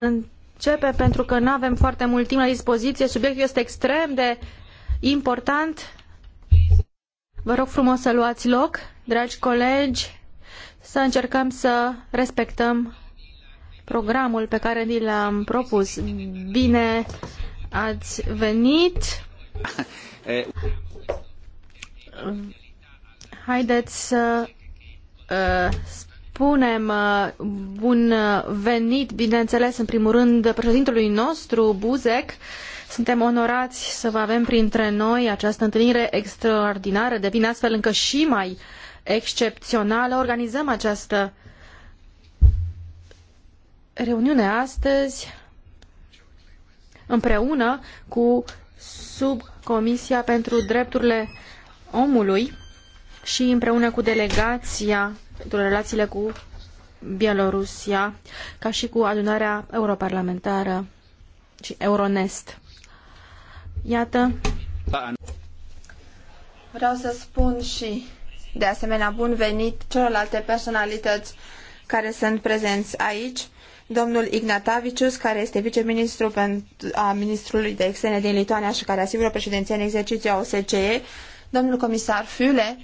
începe pentru că nu avem foarte mult timp la dispoziție. Subiectul este extrem de important. Vă rog frumos să luați loc, dragi colegi, să încercăm să respectăm programul pe care ni l-am propus. Bine ați venit! Haideți să uh, spunem uh, bun uh, venit, bineînțeles, în primul rând, președintelui nostru, Buzek. Suntem onorați să vă avem printre noi această întâlnire extraordinară, devine astfel încă și mai excepțională. Organizăm această reuniune astăzi împreună cu Subcomisia pentru Drepturile Omului și împreună cu delegația pentru relațiile cu Bielorusia, ca și cu adunarea europarlamentară și Euronest. Iată. Vreau să spun și, de asemenea, bun venit celorlalte personalități care sunt prezenți aici. Domnul Ignatavicius, care este viceministru a Ministrului de Externe din Lituania și care asigură președinția în exercițiu a OSCE, domnul comisar Füle,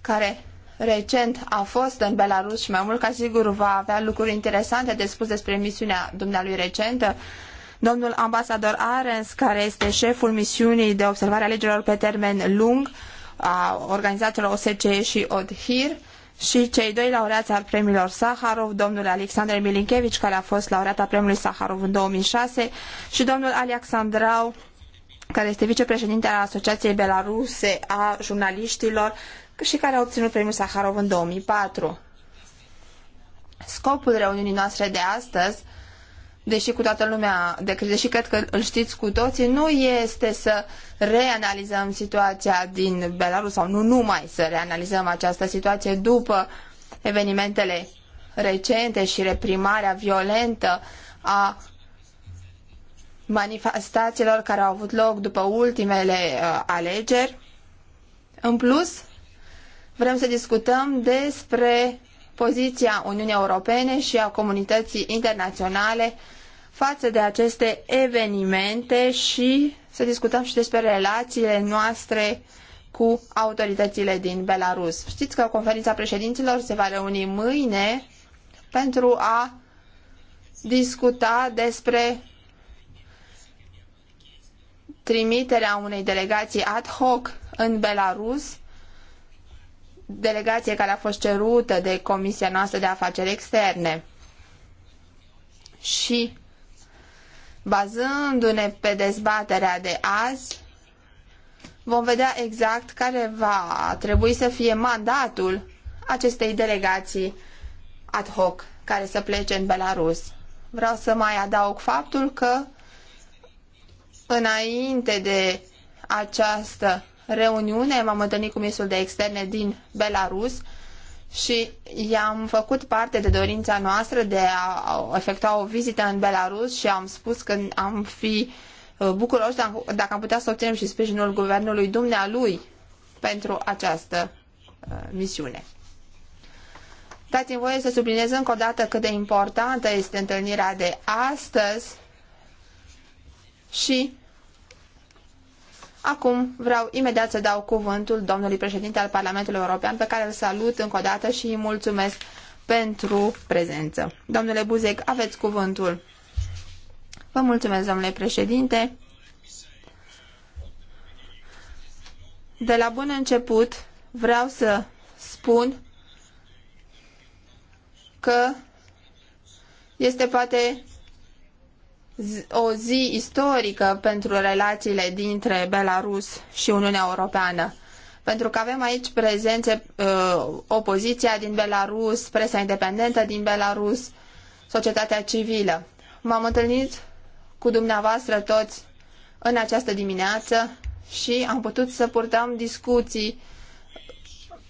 care recent a fost în Belarus și mai mult ca sigur va avea lucruri interesante de spus despre misiunea dumnealui recentă. Domnul ambasador Arens, care este șeful misiunii de observare a legilor pe termen lung a organizațiilor OSCE și ODHIR, și cei doi laureați al premiilor Saharov, domnul Alexander Milinkevich, care a fost laureat al premiului Saharov în 2006, și domnul Alexandrau, care este vicepreședinte al Asociației Belaruse a Jurnaliștilor și care a obținut premiul Saharov în 2004. Scopul reuniunii noastre de astăzi, deși cu toată lumea, de, deși cred că îl știți cu toții, nu este să reanalizăm situația din Belarus sau nu numai să reanalizăm această situație după evenimentele recente și reprimarea violentă a manifestațiilor care au avut loc după ultimele uh, alegeri. În plus, Vrem să discutăm despre poziția Uniunii Europene și a comunității internaționale față de aceste evenimente și să discutăm și despre relațiile noastre cu autoritățile din Belarus. Știți că conferința președinților se va reuni mâine pentru a discuta despre trimiterea unei delegații ad hoc în Belarus delegație care a fost cerută de Comisia noastră de afaceri externe. Și bazându-ne pe dezbaterea de azi, vom vedea exact care va trebui să fie mandatul acestei delegații ad hoc care să plece în Belarus. Vreau să mai adaug faptul că înainte de această reuniune, m-am întâlnit cu ministrul de externe din Belarus și i-am făcut parte de dorința noastră de a efectua o vizită în Belarus și am spus că am fi uh, bucuroși dacă am putea să obținem și sprijinul guvernului dumnealui pentru această uh, misiune. Dați-mi voie să subliniez încă o dată cât de importantă este întâlnirea de astăzi și Acum vreau imediat să dau cuvântul domnului președinte al Parlamentului European, pe care îl salut încă o dată și îi mulțumesc pentru prezență. Domnule Buzec, aveți cuvântul. Vă mulțumesc, domnule președinte. De la bun început vreau să spun că este poate o zi istorică pentru relațiile dintre Belarus și Uniunea Europeană. Pentru că avem aici prezențe uh, opoziția din Belarus, presa independentă din Belarus, societatea civilă. M-am întâlnit cu dumneavoastră toți în această dimineață și am putut să purtăm discuții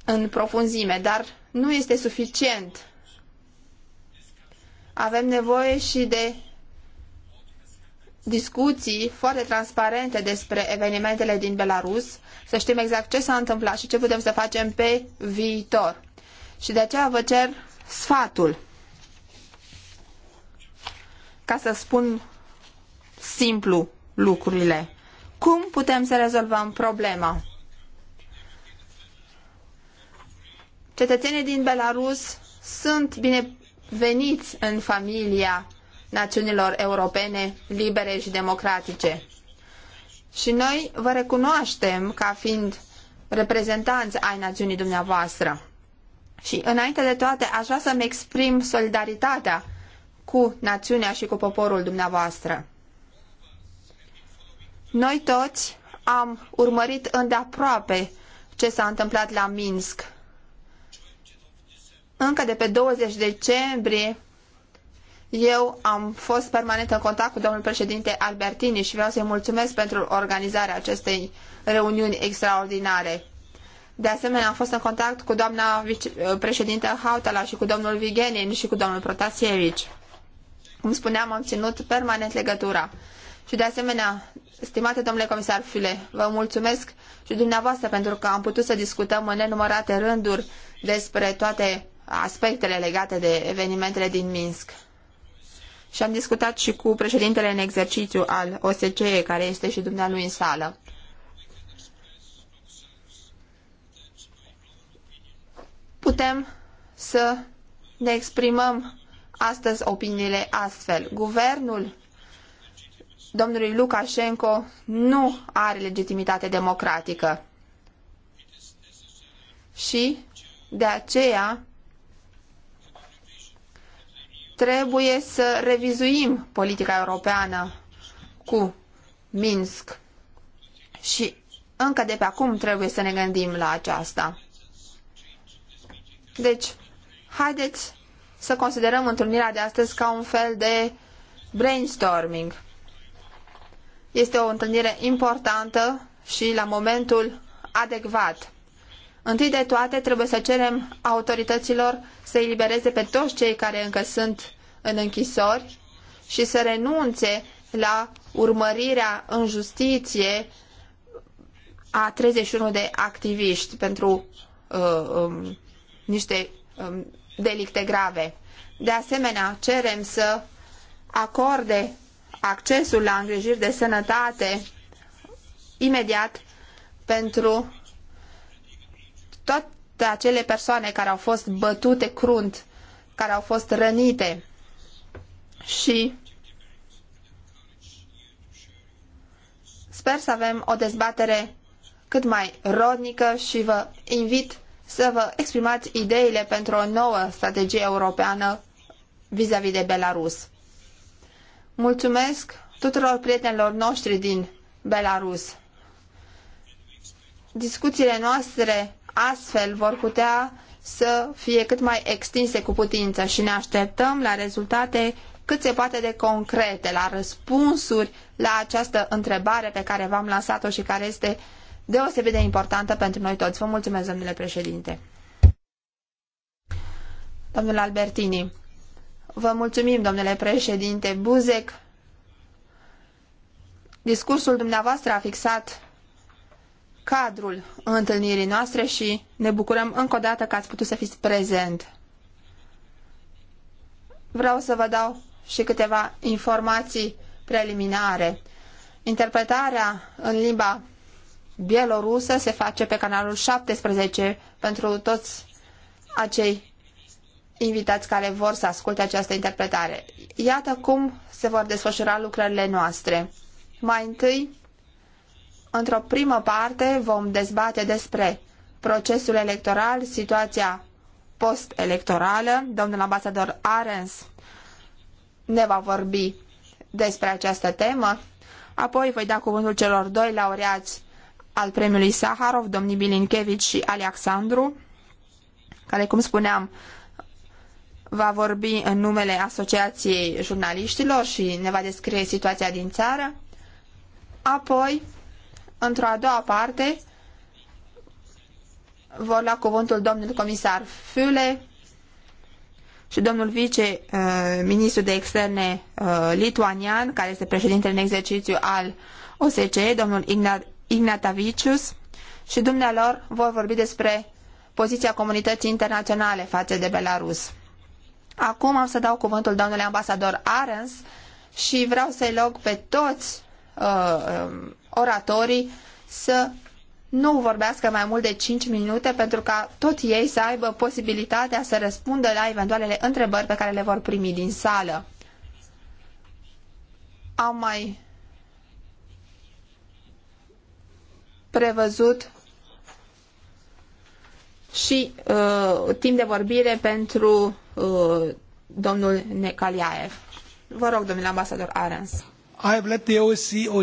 în profunzime, dar nu este suficient. Avem nevoie și de discuții foarte transparente despre evenimentele din Belarus, să știm exact ce s-a întâmplat și ce putem să facem pe viitor. Și de aceea vă cer sfatul. Ca să spun simplu lucrurile. Cum putem să rezolvăm problema? Cetățenii din Belarus sunt bineveniți în familia națiunilor europene libere și democratice. Și noi vă recunoaștem ca fiind reprezentanți ai națiunii dumneavoastră. Și înainte de toate, aș vrea să-mi exprim solidaritatea cu națiunea și cu poporul dumneavoastră. Noi toți am urmărit îndeaproape ce s-a întâmplat la Minsk. Încă de pe 20 decembrie eu am fost permanent în contact cu domnul președinte Albertini și vreau să-i mulțumesc pentru organizarea acestei reuniuni extraordinare. De asemenea, am fost în contact cu doamna președintă Hautala și cu domnul Vigenin și cu domnul Protasievici. Cum spuneam, am ținut permanent legătura. Și de asemenea, stimate domnule comisar File, vă mulțumesc și dumneavoastră pentru că am putut să discutăm în nenumărate rânduri despre toate aspectele legate de evenimentele din Minsk și am discutat și cu președintele în exercițiu al OSCE, care este și dumnealui în sală. Putem să ne exprimăm astăzi opiniile astfel. Guvernul domnului Lukashenko nu are legitimitate democratică. Și de aceea trebuie să revizuim politica europeană cu Minsk. Și încă de pe acum trebuie să ne gândim la aceasta. Deci, haideți să considerăm întâlnirea de astăzi ca un fel de brainstorming. Este o întâlnire importantă și la momentul adecvat. Întâi de toate, trebuie să cerem autorităților să îi libereze pe toți cei care încă sunt în închisori și să renunțe la urmărirea în justiție a 31 de activiști pentru uh, um, niște um, delicte grave. De asemenea, cerem să acorde accesul la îngrijiri de sănătate imediat pentru toate acele persoane care au fost bătute crunt, care au fost rănite și sper să avem o dezbatere cât mai rodnică și vă invit să vă exprimați ideile pentru o nouă strategie europeană vis-a-vis -vis de Belarus. Mulțumesc tuturor prietenilor noștri din Belarus. Discuțiile noastre Astfel vor putea să fie cât mai extinse cu putință și ne așteptăm la rezultate cât se poate de concrete, la răspunsuri la această întrebare pe care v-am lansat-o și care este deosebit de importantă pentru noi toți. Vă mulțumesc, domnule președinte. Domnule Albertini, vă mulțumim, domnule președinte Buzek. Discursul dumneavoastră a fixat cadrul întâlnirii noastre și ne bucurăm încă o dată că ați putut să fiți prezent. Vreau să vă dau și câteva informații preliminare. Interpretarea în limba bielorusă se face pe canalul 17 pentru toți acei invitați care vor să asculte această interpretare. Iată cum se vor desfășura lucrările noastre. Mai întâi, Într-o primă parte vom dezbate despre procesul electoral, situația post-electorală. Domnul ambasador Arens ne va vorbi despre această temă. Apoi voi da cuvântul celor doi laureați al premiului Saharov, domnii Bilinkevici și Alexandru, care, cum spuneam, va vorbi în numele Asociației Jurnaliștilor și ne va descrie situația din țară. Apoi într-o a doua parte, vor lua cuvântul domnul comisar Füle și domnul vice-ministru uh, de externe uh, lituanian, care este președintele în exercițiu al OSCE, domnul Ignat, Ignatavicius, și dumnealor vor vorbi despre poziția comunității internaționale față de Belarus. Acum am să dau cuvântul domnului ambasador Arens și vreau să-i log pe toți uh, um, oratorii să nu vorbească mai mult de cinci minute pentru ca tot ei să aibă posibilitatea să răspundă la eventualele întrebări pe care le vor primi din sală. Am mai prevăzut și uh, timp de vorbire pentru uh, domnul Necaliaev. Vă rog, domnule ambasador Arens.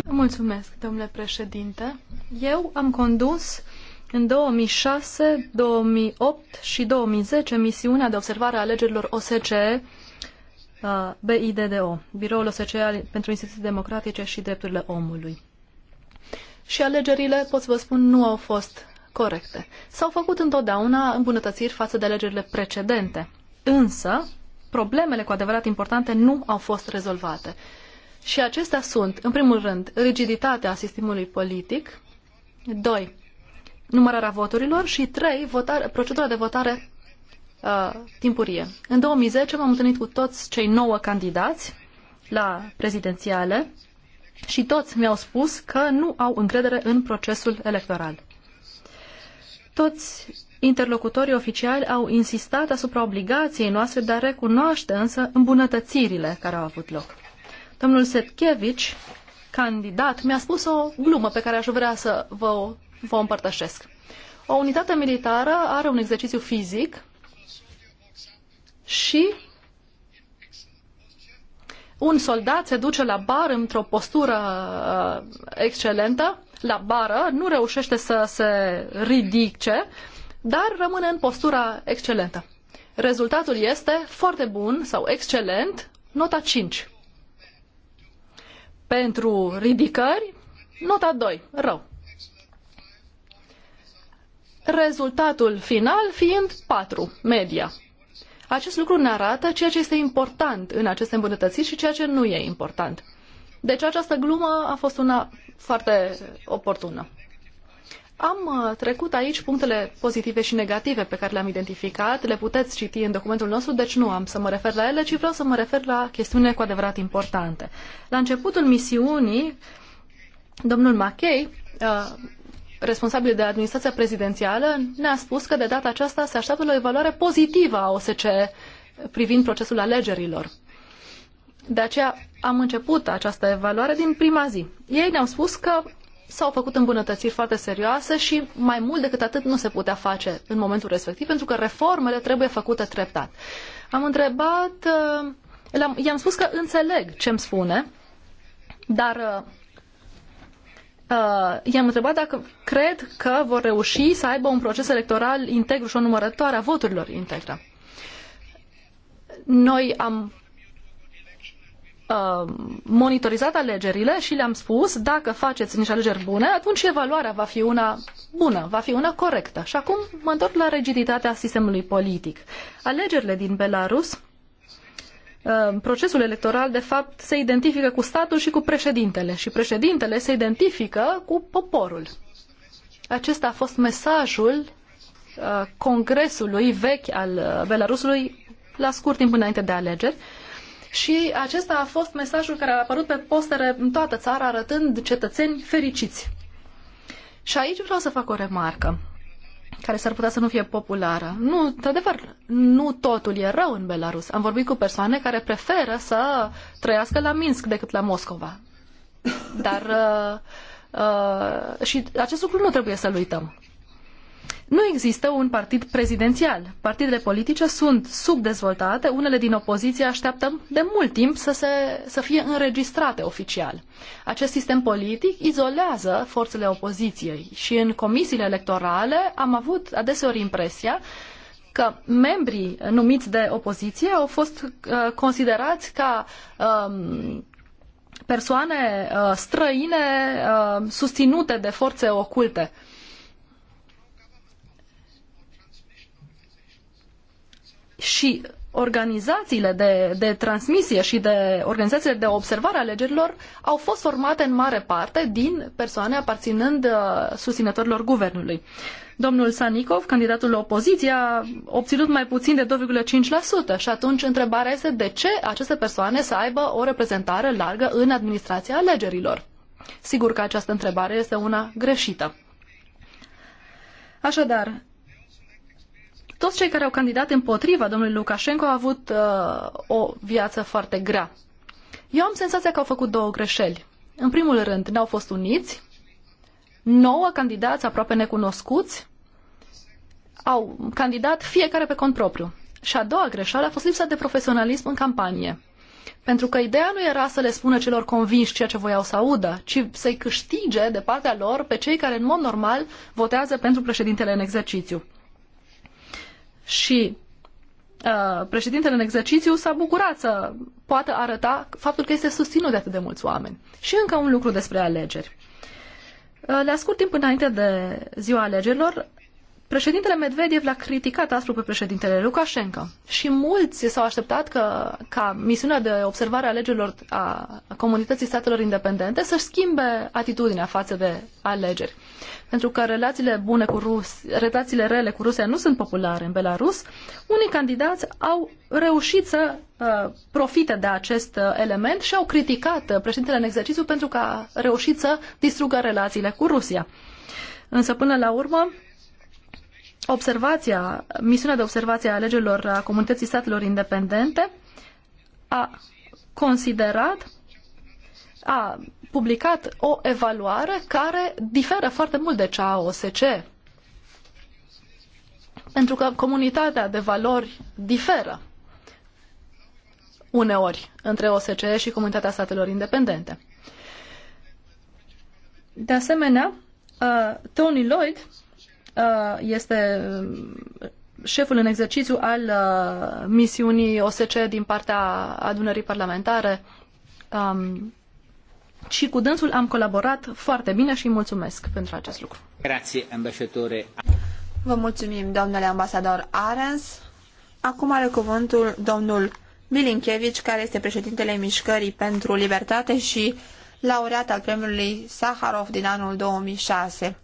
Mulțumesc, domnule președinte. Eu am condus în 2006, 2008 și 2010 misiunea de observare a alegerilor OSCE uh, BIDDO, Biroul OSCE pentru Instituții Democratice și Drepturile Omului. Și alegerile, pot să vă spun, nu au fost corecte. S-au făcut întotdeauna îmbunătățiri față de alegerile precedente, însă problemele cu adevărat importante nu au fost rezolvate. Și acestea sunt, în primul rând, rigiditatea sistemului politic, doi, numărarea voturilor și trei, procedura de votare uh, timpurie. În 2010 m-am întâlnit cu toți cei nouă candidați la prezidențiale și toți mi-au spus că nu au încredere în procesul electoral. Toți interlocutorii oficiali au insistat asupra obligației noastre de a recunoaște însă îmbunătățirile care au avut loc. Domnul Setkevici, candidat, mi-a spus o glumă pe care aș vrea să vă, vă împărtășesc. O unitate militară are un exercițiu fizic și un soldat se duce la bar într-o postură uh, excelentă, la bară, nu reușește să se ridice, dar rămâne în postura excelentă. Rezultatul este foarte bun sau excelent, nota 5. Pentru ridicări, nota 2, rău. Rezultatul final fiind 4, media. Acest lucru ne arată ceea ce este important în aceste îmbunătățiri și ceea ce nu e important. Deci această glumă a fost una foarte oportună. Am uh, trecut aici punctele pozitive și negative pe care le-am identificat, le puteți citi în documentul nostru, deci nu am să mă refer la ele, ci vreau să mă refer la chestiunile cu adevărat importante. La începutul misiunii, domnul Machei, uh, responsabil de administrația prezidențială, ne-a spus că de data aceasta se așteaptă la o evaluare pozitivă a OSCE privind procesul alegerilor. De aceea am început această evaluare din prima zi. Ei ne-au spus că s-au făcut îmbunătățiri foarte serioase și mai mult decât atât nu se putea face în momentul respectiv, pentru că reformele trebuie făcute treptat. Am întrebat, uh, i-am spus că înțeleg ce îmi spune, dar uh, uh, i-am întrebat dacă cred că vor reuși să aibă un proces electoral integru și o numărătoare a voturilor integră. Noi am Uh, monitorizat alegerile și le-am spus, dacă faceți niște alegeri bune, atunci evaluarea va fi una bună, va fi una corectă. Și acum mă întorc la rigiditatea sistemului politic. Alegerile din Belarus, uh, procesul electoral, de fapt, se identifică cu statul și cu președintele și președintele se identifică cu poporul. Acesta a fost mesajul uh, congresului vechi al Belarusului la scurt timp înainte de alegeri și acesta a fost mesajul care a apărut pe postere în toată țara, arătând cetățeni fericiți. Și aici vreau să fac o remarcă care s-ar putea să nu fie populară. Nu, într-adevăr, nu totul e rău în Belarus. Am vorbit cu persoane care preferă să trăiască la Minsk decât la Moscova. Dar uh, uh, și acest lucru nu trebuie să-l uităm. Nu există un partid prezidențial. Partidele politice sunt subdezvoltate, unele din opoziție așteaptă de mult timp să, se, să fie înregistrate oficial. Acest sistem politic izolează forțele opoziției și în comisiile electorale am avut adeseori impresia că membrii numiți de opoziție au fost uh, considerați ca um, persoane uh, străine uh, susținute de forțe oculte. Uh, și organizațiile de, de transmisie și de organizațiile de observare a alegerilor au fost formate în mare parte din persoane aparținând uh, susținătorilor guvernului. Domnul Sanikov, candidatul la opoziție, a obținut mai puțin de 2,5% și atunci întrebarea este de ce aceste persoane să aibă o reprezentare largă în administrația alegerilor. Sigur că această întrebare este una greșită. Așadar, toți cei care au candidat împotriva domnului Lukashenko au avut uh, o viață foarte grea. Eu am senzația că au făcut două greșeli. În primul rând, n-au fost uniți, nouă candidați aproape necunoscuți au candidat fiecare pe cont propriu. Și a doua greșeală a fost lipsa de profesionalism în campanie. Pentru că ideea nu era să le spună celor convinși ceea ce voiau să audă, ci să-i câștige de partea lor pe cei care în mod normal votează pentru președintele în exercițiu. Și uh, președintele în exercițiu s-a bucurat să poată arăta faptul că este susținut de atât de mulți oameni. Și încă un lucru despre alegeri. Uh, la scurt timp înainte de ziua alegerilor, Președintele Medvedev l-a criticat aspru pe președintele Lukashenko și mulți s-au așteptat că, ca misiunea de observare a alegerilor a comunității statelor independente să-și schimbe atitudinea față de alegeri pentru că relațiile, bune cu Rus, relațiile rele cu Rusia nu sunt populare în Belarus, unii candidați au reușit să uh, profite de acest uh, element și au criticat uh, președintele în exercițiu pentru că a reușit să distrugă relațiile cu Rusia. Însă, până la urmă, observația, misiunea de observație a alegerilor a comunității statelor independente a considerat, a publicat o evaluare care diferă foarte mult de cea a OSCE. Pentru că comunitatea de valori diferă uneori între OSCE și comunitatea statelor independente. De asemenea, uh, Tony Lloyd uh, este uh, șeful în exercițiu al misiunii OSCE din partea adunării parlamentare um, și cu dânsul am colaborat foarte bine și îi mulțumesc pentru acest lucru. Grazie, ambasadore. Vă mulțumim, domnule ambasador Arens. Acum are cuvântul domnul Milinkevici, care este președintele Mișcării pentru Libertate și laureat al premiului Saharov din anul 2006.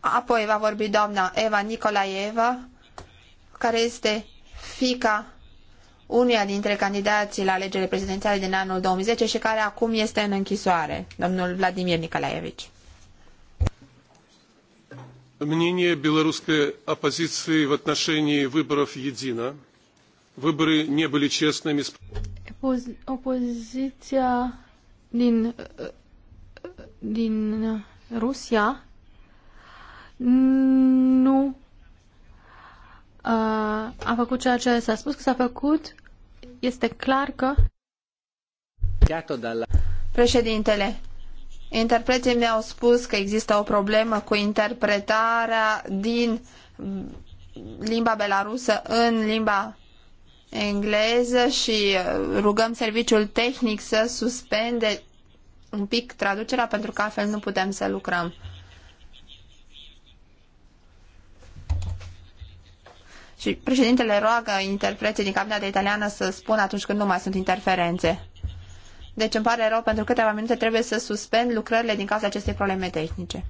Apoi va vorbi doamna Eva Nicolaeva, care este fica unuia dintre candidații la alegerile prezidențiale din anul 2010 și care acum este în închisoare, domnul Vladimir Nicolaevici. Мнение белорусской оппозиции в отношении выборов едино. Выборы не были честными. Оппозиция э, э, э, din Rusia nu a făcut ceea ce s-a spus că s-a făcut. Este clar că... Președintele, interpreții mi-au spus că există o problemă cu interpretarea din limba belarusă în limba engleză și uh, rugăm serviciul tehnic să suspende un pic traducerea pentru că altfel nu putem să lucrăm. Și președintele roagă interpreții din cabineta italiană să spună atunci când nu mai sunt interferențe. Deci îmi pare rău, pentru câteva minute trebuie să suspend lucrările din cauza acestei probleme tehnice.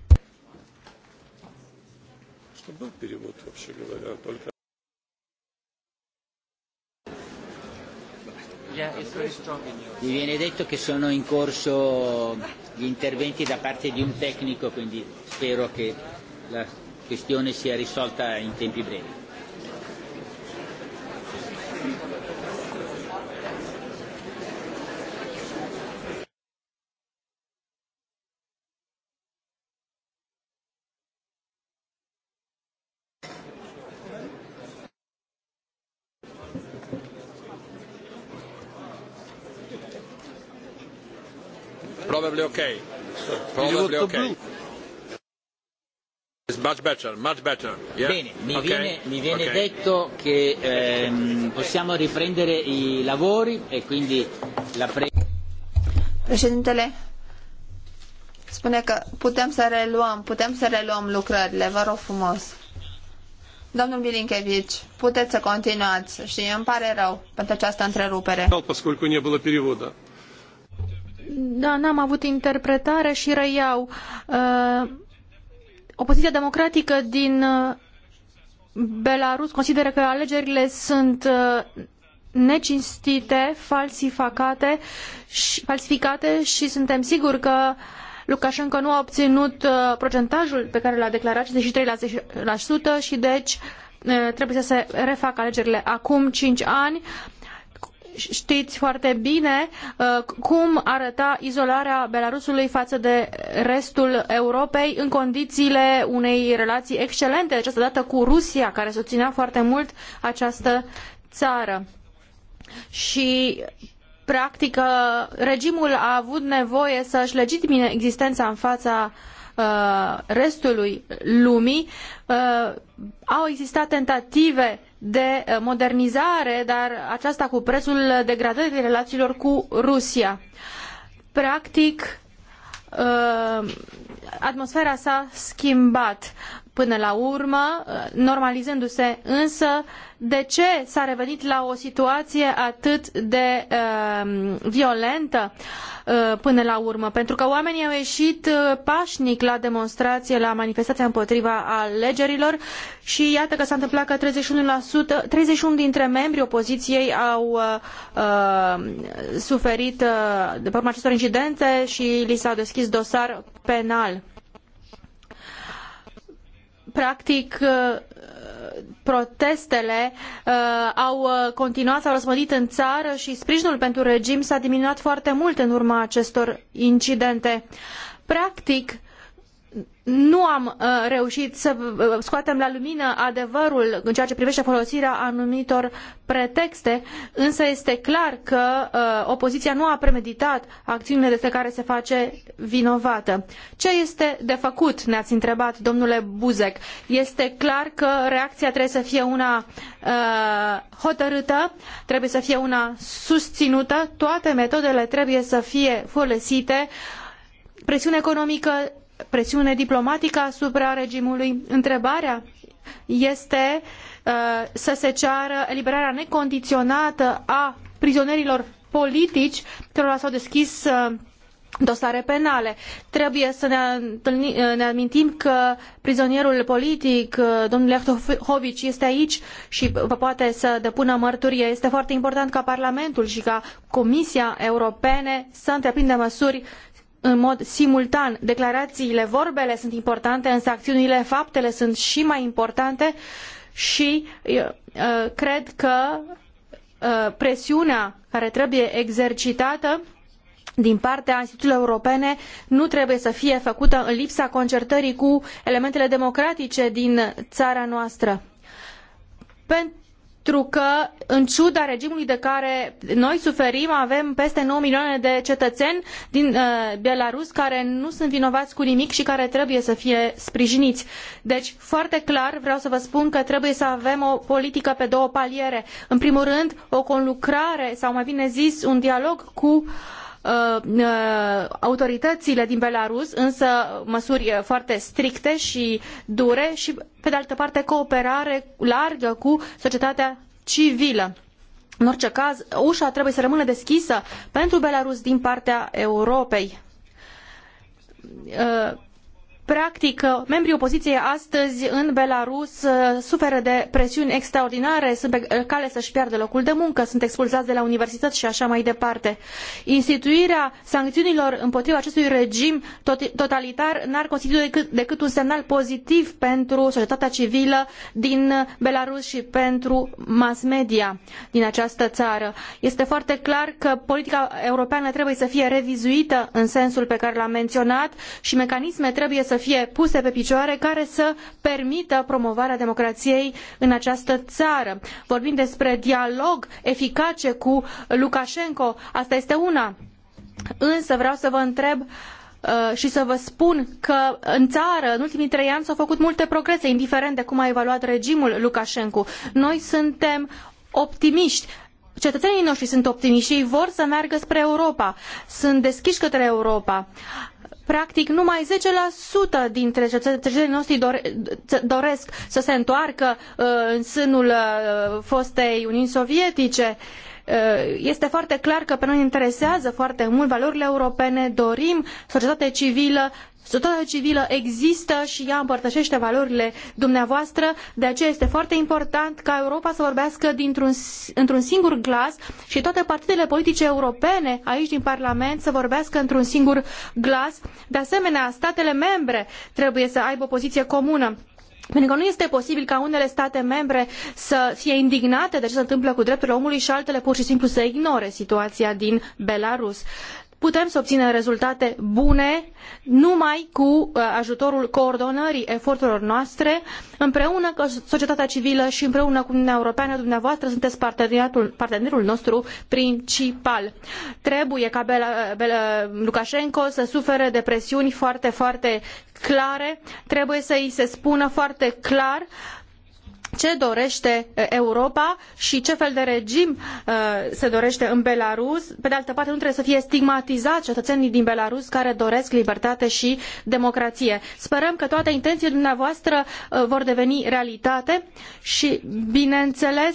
Mi viene detto che sono in corso gli interventi da parte di un tecnico, quindi spero che la questione sia risolta in tempi brevi. Probably okay. Probably okay. It's much better, much better. Yeah. Bene, mi okay. viene, mi viene okay. detto che ehm, possiamo riprendere i lavori e quindi la pre... Președintele spune că putem să reluăm, putem să reluăm lucrările, vă rog frumos. Domnul Bilinkevici, puteți să continuați și îmi pare rău pentru această întrerupere. Pentru că nu a fost da, n-am avut interpretare și reiau. Uh, opoziția democratică din uh, Belarus consideră că alegerile sunt uh, necinstite, falsificate și, falsificate și suntem siguri că Lukashenko nu a obținut procentajul pe care l-a declarat, 53% și deci trebuie să se refacă alegerile acum cinci ani știți foarte bine uh, cum arăta izolarea Belarusului față de restul Europei în condițiile unei relații excelente, această dată cu Rusia, care susținea foarte mult această țară. Și practic uh, regimul a avut nevoie să-și legitimeze existența în fața uh, restului lumii. Au existat tentative de eh, modernizare, dar aceasta cu prețul degradării relațiilor cu Rusia. Practic, eh, atmosfera s-a schimbat până la urmă, normalizându-se însă, de ce s-a revenit la o situație atât de uh, violentă uh, până la urmă? Pentru că oamenii au ieșit uh, pașnic la demonstrație, la manifestația împotriva alegerilor și iată că s-a întâmplat că 31%, 31 dintre membrii opoziției au eh, suferit de pe urma acestor incidente și li s-a deschis dosar penal practic, uh, protestele uh, au uh, continuat, s-au răspândit în țară și sprijinul pentru regim s-a diminuat foarte mult în urma acestor incidente. Practic, nu am uh, reușit să uh, scoatem la lumină adevărul în ceea ce privește folosirea anumitor pretexte, însă este clar că uh, opoziția nu a premeditat acțiunile despre care se face vinovată. Ce este de făcut, ne-ați întrebat, domnule Buzek. Este clar că reacția trebuie să fie una uh, hotărâtă, trebuie să fie una susținută, toate metodele trebuie să fie folosite, presiune economică presiune diplomatică asupra regimului. Întrebarea este uh, să se ceară eliberarea necondiționată a prizonierilor politici cărora s-au deschis uh, dosare penale. Trebuie să ne, întâlni, uh, ne amintim că prizonierul politic, domnul Lehtovici, este aici și poate să depună mărturie. Este foarte important ca Parlamentul și ca Comisia Europene să întreprindă măsuri în mod simultan. Declarațiile, vorbele sunt importante, însă acțiunile, faptele sunt și mai importante și uh, cred că uh, presiunea care trebuie exercitată din partea instituțiilor europene nu trebuie să fie făcută în lipsa concertării cu elementele democratice din țara noastră. Pentru pentru că, în ciuda regimului de care noi suferim, avem peste 9 milioane de cetățeni din uh, Belarus care nu sunt vinovați cu nimic și care trebuie să fie sprijiniți. Deci, foarte clar, vreau să vă spun că trebuie să avem o politică pe două paliere. În primul rând, o conlucrare sau mai bine zis, un dialog cu uh, Uh, uh, autoritățile din Belarus, însă măsuri foarte stricte și dure și, pe de altă parte, cooperare largă cu societatea civilă. În orice caz, ușa trebuie să rămână deschisă pentru Belarus din partea Europei uh, Practic, membrii opoziției astăzi în Belarus uh, suferă de presiuni extraordinare, sunt pe cale să-și piardă locul de muncă, sunt expulzați de la universități și așa mai departe. Instituirea sancțiunilor împotriva acestui regim totalitar n-ar constitui decât, decât un semnal pozitiv pentru societatea civilă din Belarus și pentru mass media din această țară. Este foarte clar că politica europeană trebuie să fie revizuită în sensul pe care l-am menționat și mecanisme trebuie să să fie puse pe picioare care să permită promovarea democrației în această țară. Vorbim despre dialog eficace cu Lukashenko, asta este una. Însă vreau să vă întreb uh, și să vă spun că în țară, în ultimii trei ani, s-au făcut multe progrese, indiferent de cum a evaluat regimul Lukashenko. Noi suntem optimiști cetățenii noștri sunt optimiști și ei vor să meargă spre Europa, sunt deschiși către Europa practic numai 10% dintre cetățenii noștri doresc să se întoarcă uh, în sânul uh, fostei Uniuni Sovietice. Uh, este foarte clar că pe noi interesează foarte mult valorile europene, dorim societate civilă Societatea civilă există și ea împărtășește valorile dumneavoastră, de aceea este foarte important ca Europa să vorbească dintr-un, într-un singur glas și toate partidele politice europene aici din Parlament să vorbească într-un singur glas. De asemenea, statele membre trebuie să aibă o poziție comună. Pentru că nu este posibil ca unele state membre să fie indignate de ce se întâmplă cu drepturile omului și altele pur și simplu să ignore situația din Belarus putem să obținem rezultate bune numai cu uh, ajutorul coordonării eforturilor noastre împreună cu societatea civilă și împreună cu Uniunea Europeană. Dumneavoastră sunteți partenerul nostru principal. Trebuie ca Bela, Bela, Lukashenko să sufere de presiuni foarte, foarte clare. Trebuie să îi se spună foarte clar uh, ce dorește Europa și ce fel de regim se dorește în Belarus. Pe de altă parte, nu trebuie să fie stigmatizați cetățenii din Belarus care doresc libertate și democrație. Sperăm că toate intențiile dumneavoastră vor deveni realitate și, bineînțeles,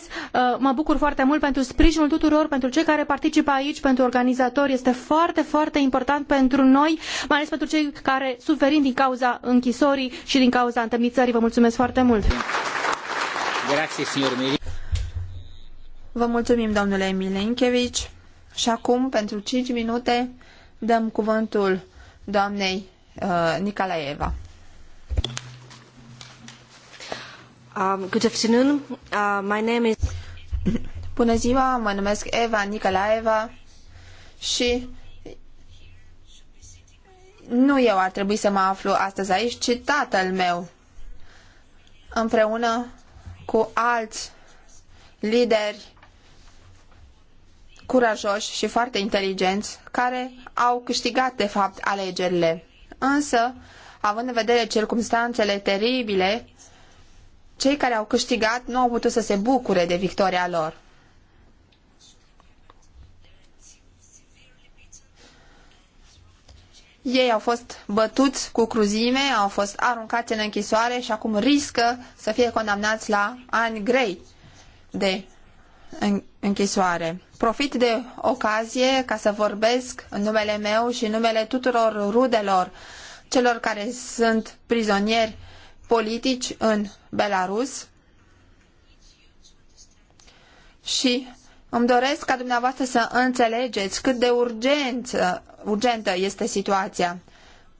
mă bucur foarte mult pentru sprijinul tuturor, pentru cei care participă aici, pentru organizatori. Este foarte, foarte important pentru noi, mai ales pentru cei care suferim din cauza închisorii și din cauza întemnițării. Vă mulțumesc foarte mult! Vă mulțumim, domnule Milenkevici. Și acum, pentru 5 minute, dăm cuvântul doamnei uh, Nicolaeva. Um, good afternoon. Uh, my name is... Bună ziua, mă numesc Eva Nicolaeva și nu eu ar trebui să mă aflu astăzi aici, ci tatăl meu. Împreună cu alți lideri curajoși și foarte inteligenți care au câștigat de fapt alegerile. Însă, având în vedere circumstanțele teribile, cei care au câștigat nu au putut să se bucure de victoria lor. Ei au fost bătuți cu cruzime, au fost aruncați în închisoare și acum riscă să fie condamnați la ani grei de închisoare. Profit de ocazie ca să vorbesc în numele meu și în numele tuturor rudelor celor care sunt prizonieri politici în Belarus și îmi doresc ca dumneavoastră să înțelegeți cât de urgență, urgentă este situația,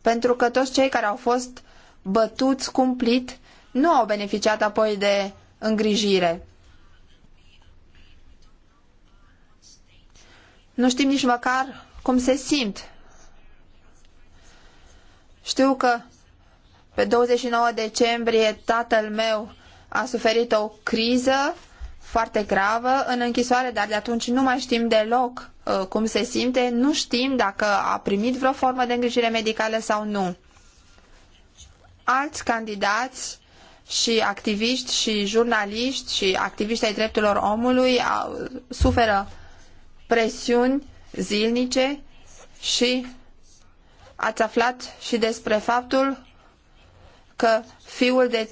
pentru că toți cei care au fost bătuți cumplit nu au beneficiat apoi de îngrijire. Nu știm nici măcar cum se simt. Știu că pe 29 decembrie tatăl meu a suferit o criză foarte gravă în închisoare, dar de atunci nu mai știm deloc uh, cum se simte, nu știm dacă a primit vreo formă de îngrijire medicală sau nu. Alți candidați și activiști și jurnaliști și activiști ai drepturilor omului au, suferă presiuni zilnice și ați aflat și despre faptul că fiul de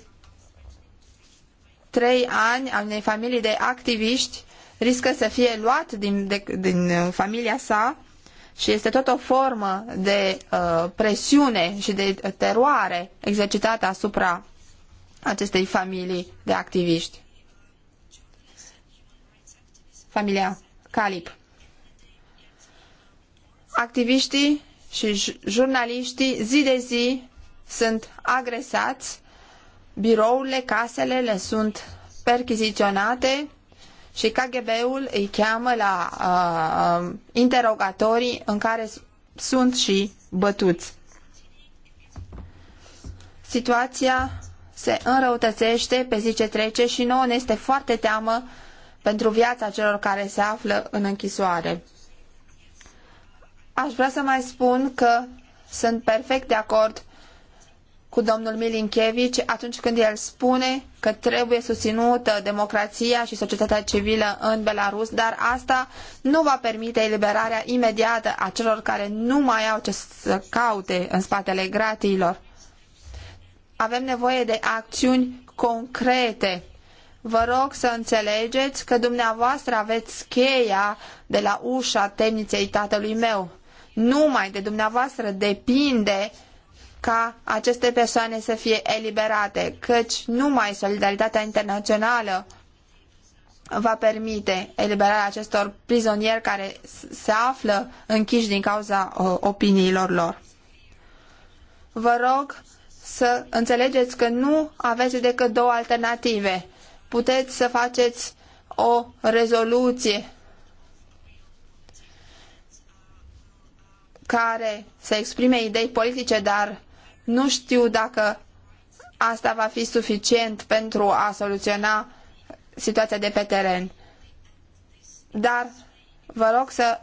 trei ani al unei familii de activiști riscă să fie luat din, de, din uh, familia sa și este tot o formă de uh, presiune și de uh, teroare exercitată asupra acestei familii de activiști. Familia Calip. Activiștii și jurnaliștii zi de zi sunt agresați birourile, casele le sunt perchiziționate și KGB-ul îi cheamă la uh, uh interogatorii în care sunt și bătuți. Situația se înrăutățește pe zi ce trece și nouă ne este foarte teamă pentru viața celor care se află în închisoare. Aș vrea să mai spun că sunt perfect de acord cu domnul Milinkevich atunci când el spune că trebuie susținută democrația și societatea civilă în Belarus, dar asta nu va permite eliberarea imediată a celor care nu mai au ce să caute în spatele gratiilor. Avem nevoie de acțiuni concrete. Vă rog să înțelegeți că dumneavoastră aveți cheia de la ușa temniței tatălui meu. Numai de dumneavoastră depinde ca aceste persoane să fie eliberate, căci numai solidaritatea internațională va permite eliberarea acestor prizonieri care se află închiși din cauza opiniilor lor. Vă rog să înțelegeți că nu aveți decât două alternative. Puteți să faceți o rezoluție care să exprime idei politice, dar nu știu dacă asta va fi suficient pentru a soluționa situația de pe teren. Dar vă rog să,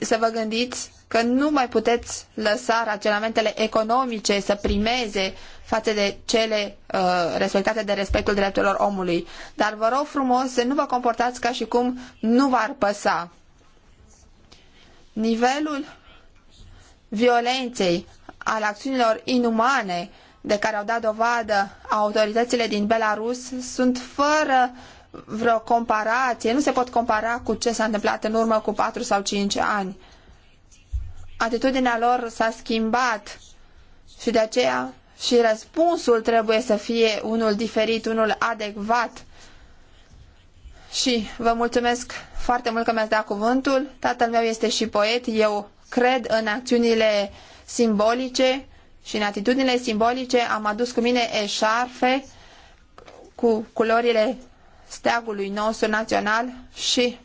să vă gândiți că nu mai puteți lăsa raționamentele economice să primeze față de cele uh, respectate de respectul drepturilor omului. Dar vă rog frumos să nu vă comportați ca și cum nu v-ar păsa. Nivelul violenței al acțiunilor inumane de care au dat dovadă autoritățile din Belarus sunt fără vreo comparație, nu se pot compara cu ce s-a întâmplat în urmă cu patru sau cinci ani. Atitudinea lor s-a schimbat și de aceea și răspunsul trebuie să fie unul diferit, unul adecvat. Și vă mulțumesc foarte mult că mi-ați dat cuvântul. Tatăl meu este și poet. Eu cred în acțiunile uh, simbolice și în atitudinile simbolice am adus cu mine eșarfe cu culorile steagului nostru național și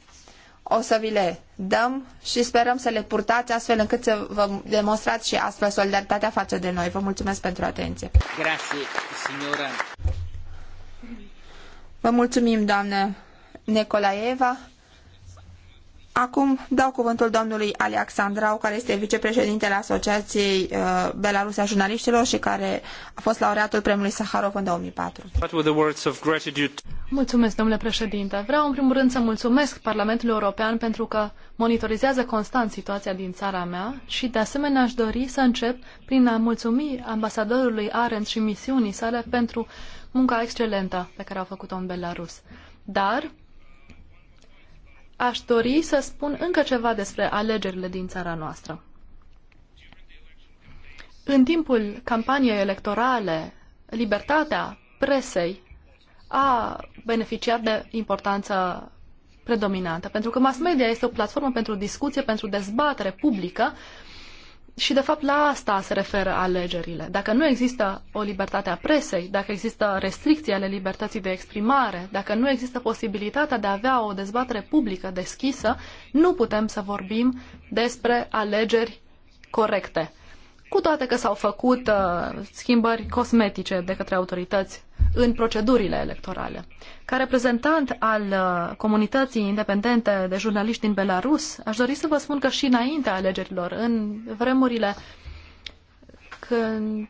o să vi le dăm și sperăm să le purtați astfel încât să vă demonstrați și astfel solidaritatea față de noi. Vă mulțumesc pentru atenție. Grazie, vă mulțumim, doamnă Nicolaeva. Acum dau cuvântul domnului Alexandrau, care este vicepreședintele Asociației uh, Belarusia Jurnaliștilor și care a fost laureatul premiului Saharov în 2004. Mulțumesc, domnule președinte. Vreau în primul rând să mulțumesc Parlamentului European pentru că monitorizează constant situația din țara mea și de asemenea aș dori să încep prin a mulțumi ambasadorului Arendt și misiunii sale pentru munca excelentă pe care au făcut-o în Belarus. Dar aș dori să spun încă ceva despre alegerile din țara noastră. În timpul campaniei electorale, libertatea presei a beneficiat de importanță predominantă, pentru că mass media este o platformă pentru discuție, pentru dezbatere publică și, de fapt, la asta se referă alegerile. Dacă nu există o libertate a presei, dacă există restricții ale libertății de exprimare, dacă nu există posibilitatea de a avea o dezbatere publică deschisă, nu putem să vorbim despre alegeri corecte cu toate că s-au făcut uh, schimbări cosmetice de către autorități în procedurile electorale. Ca reprezentant al uh, comunității independente de jurnaliști din Belarus, aș dori să vă spun că și înaintea alegerilor, în vremurile când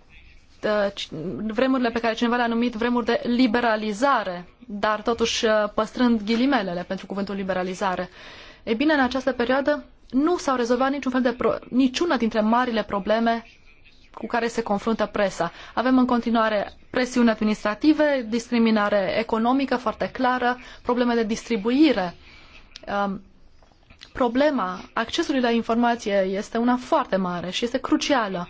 uh, vremurile pe care cineva le-a numit vremuri de liberalizare, dar totuși uh, păstrând ghilimelele pentru cuvântul liberalizare. e bine, în această perioadă nu s-au rezolvat niciun fel de pro- niciuna dintre marile probleme cu care se confruntă presa. Avem în continuare presiuni administrative, discriminare economică foarte clară, probleme de distribuire. Um, problema accesului la informație este una foarte mare și este crucială.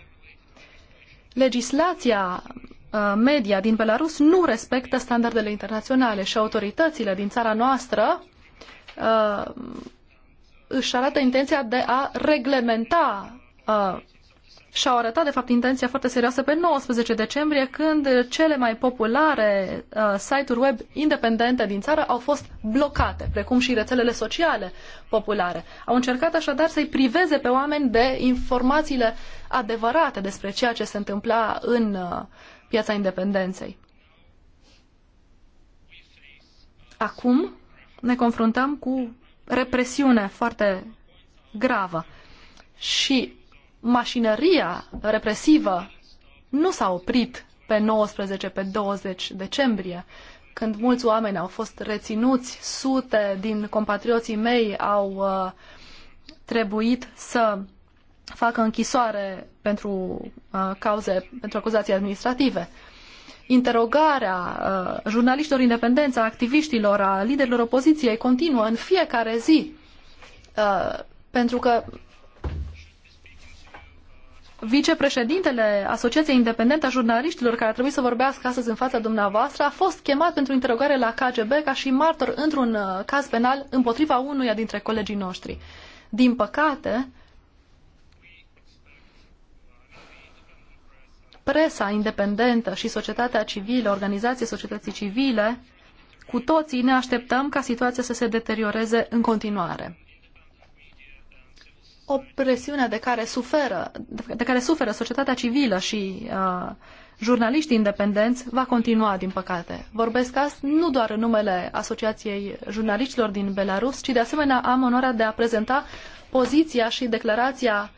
Legislația uh, media din Belarus nu respectă standardele internaționale și autoritățile din țara noastră uh, își arată intenția de a reglementa uh, și-au arătat, de fapt, intenția foarte serioasă pe 19 decembrie, când cele mai populare uh, site-uri web independente din țară au fost blocate, precum și rețelele sociale populare. Au încercat așadar să-i priveze pe oameni de informațiile adevărate despre ceea ce se întâmpla în uh, piața independenței. Acum ne confruntăm cu represiune foarte gravă și mașinăria represivă nu s-a oprit pe 19, pe 20 decembrie, când mulți oameni au fost reținuți, sute din compatrioții mei au uh, trebuit să facă închisoare pentru uh, cauze, pentru acuzații administrative interogarea uh, jurnaliștilor independenți, a activiștilor, a liderilor opoziției continuă în fiecare zi. Uh, pentru că vicepreședintele Asociației Independente a Jurnaliștilor, care a trebuit să vorbească astăzi în fața dumneavoastră, a fost chemat pentru interogare la KGB ca și martor într-un uh, caz penal împotriva unuia dintre colegii noștri. Din păcate, presa independentă și societatea civilă, organizații societății civile, cu toții ne așteptăm ca situația să se deterioreze în continuare. O presiune de care suferă, de care suferă societatea civilă și uh, jurnaliștii independenți va continua, din păcate. Vorbesc azi nu doar în numele Asociației Jurnaliștilor din Belarus, ci de asemenea am onoarea de a prezenta poziția și declarația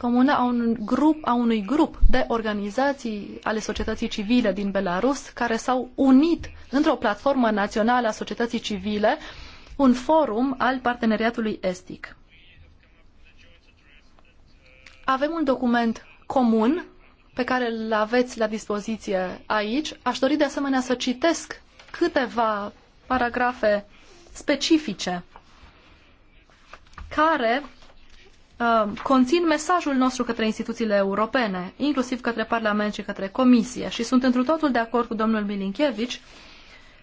comună a unui grup, a unui grup de organizații ale societății civile din Belarus care s-au unit într-o platformă națională a societății civile, un forum al parteneriatului estic. Avem un document comun pe care îl aveți la dispoziție aici. Aș dori de asemenea să citesc câteva paragrafe specifice care uh, conțin mesajul nostru către instituțiile europene, inclusiv către Parlament și către Comisie. Și sunt întru totul de acord cu domnul Milinkevici,